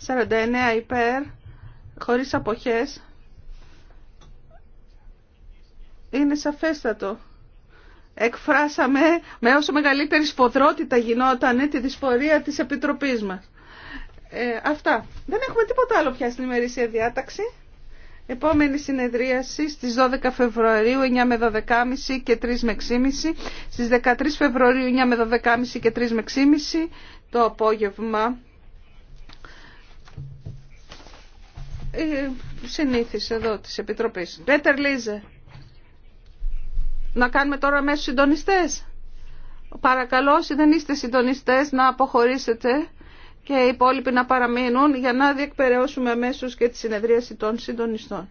B: 49 υπέρ, χωρίς αποχές. Είναι σαφέστατο. Εκφράσαμε με όσο μεγαλύτερη σφοδρότητα γινόταν τη δυσφορία της Επιτροπής μας. Ε, αυτά. Δεν έχουμε τίποτα άλλο πια στην ημερήσια διάταξη. Επόμενη συνεδρίαση στις 12 Φεβρουαρίου 9 με 12.30 και 3 με 6.30. Στις 13 Φεβρουαρίου 9 με 12.30 και 3 με 6.30 το απόγευμα. Ε, συνήθισε εδώ της Επιτροπής. Πέτερ Λίζε. Να κάνουμε τώρα μέσω συντονιστές. Παρακαλώ όσοι δεν είστε συντονιστές να αποχωρήσετε και οι υπόλοιποι να παραμείνουν για να διεκπαιρεώσουμε αμέσως και τη συνεδρίαση των συντονιστών.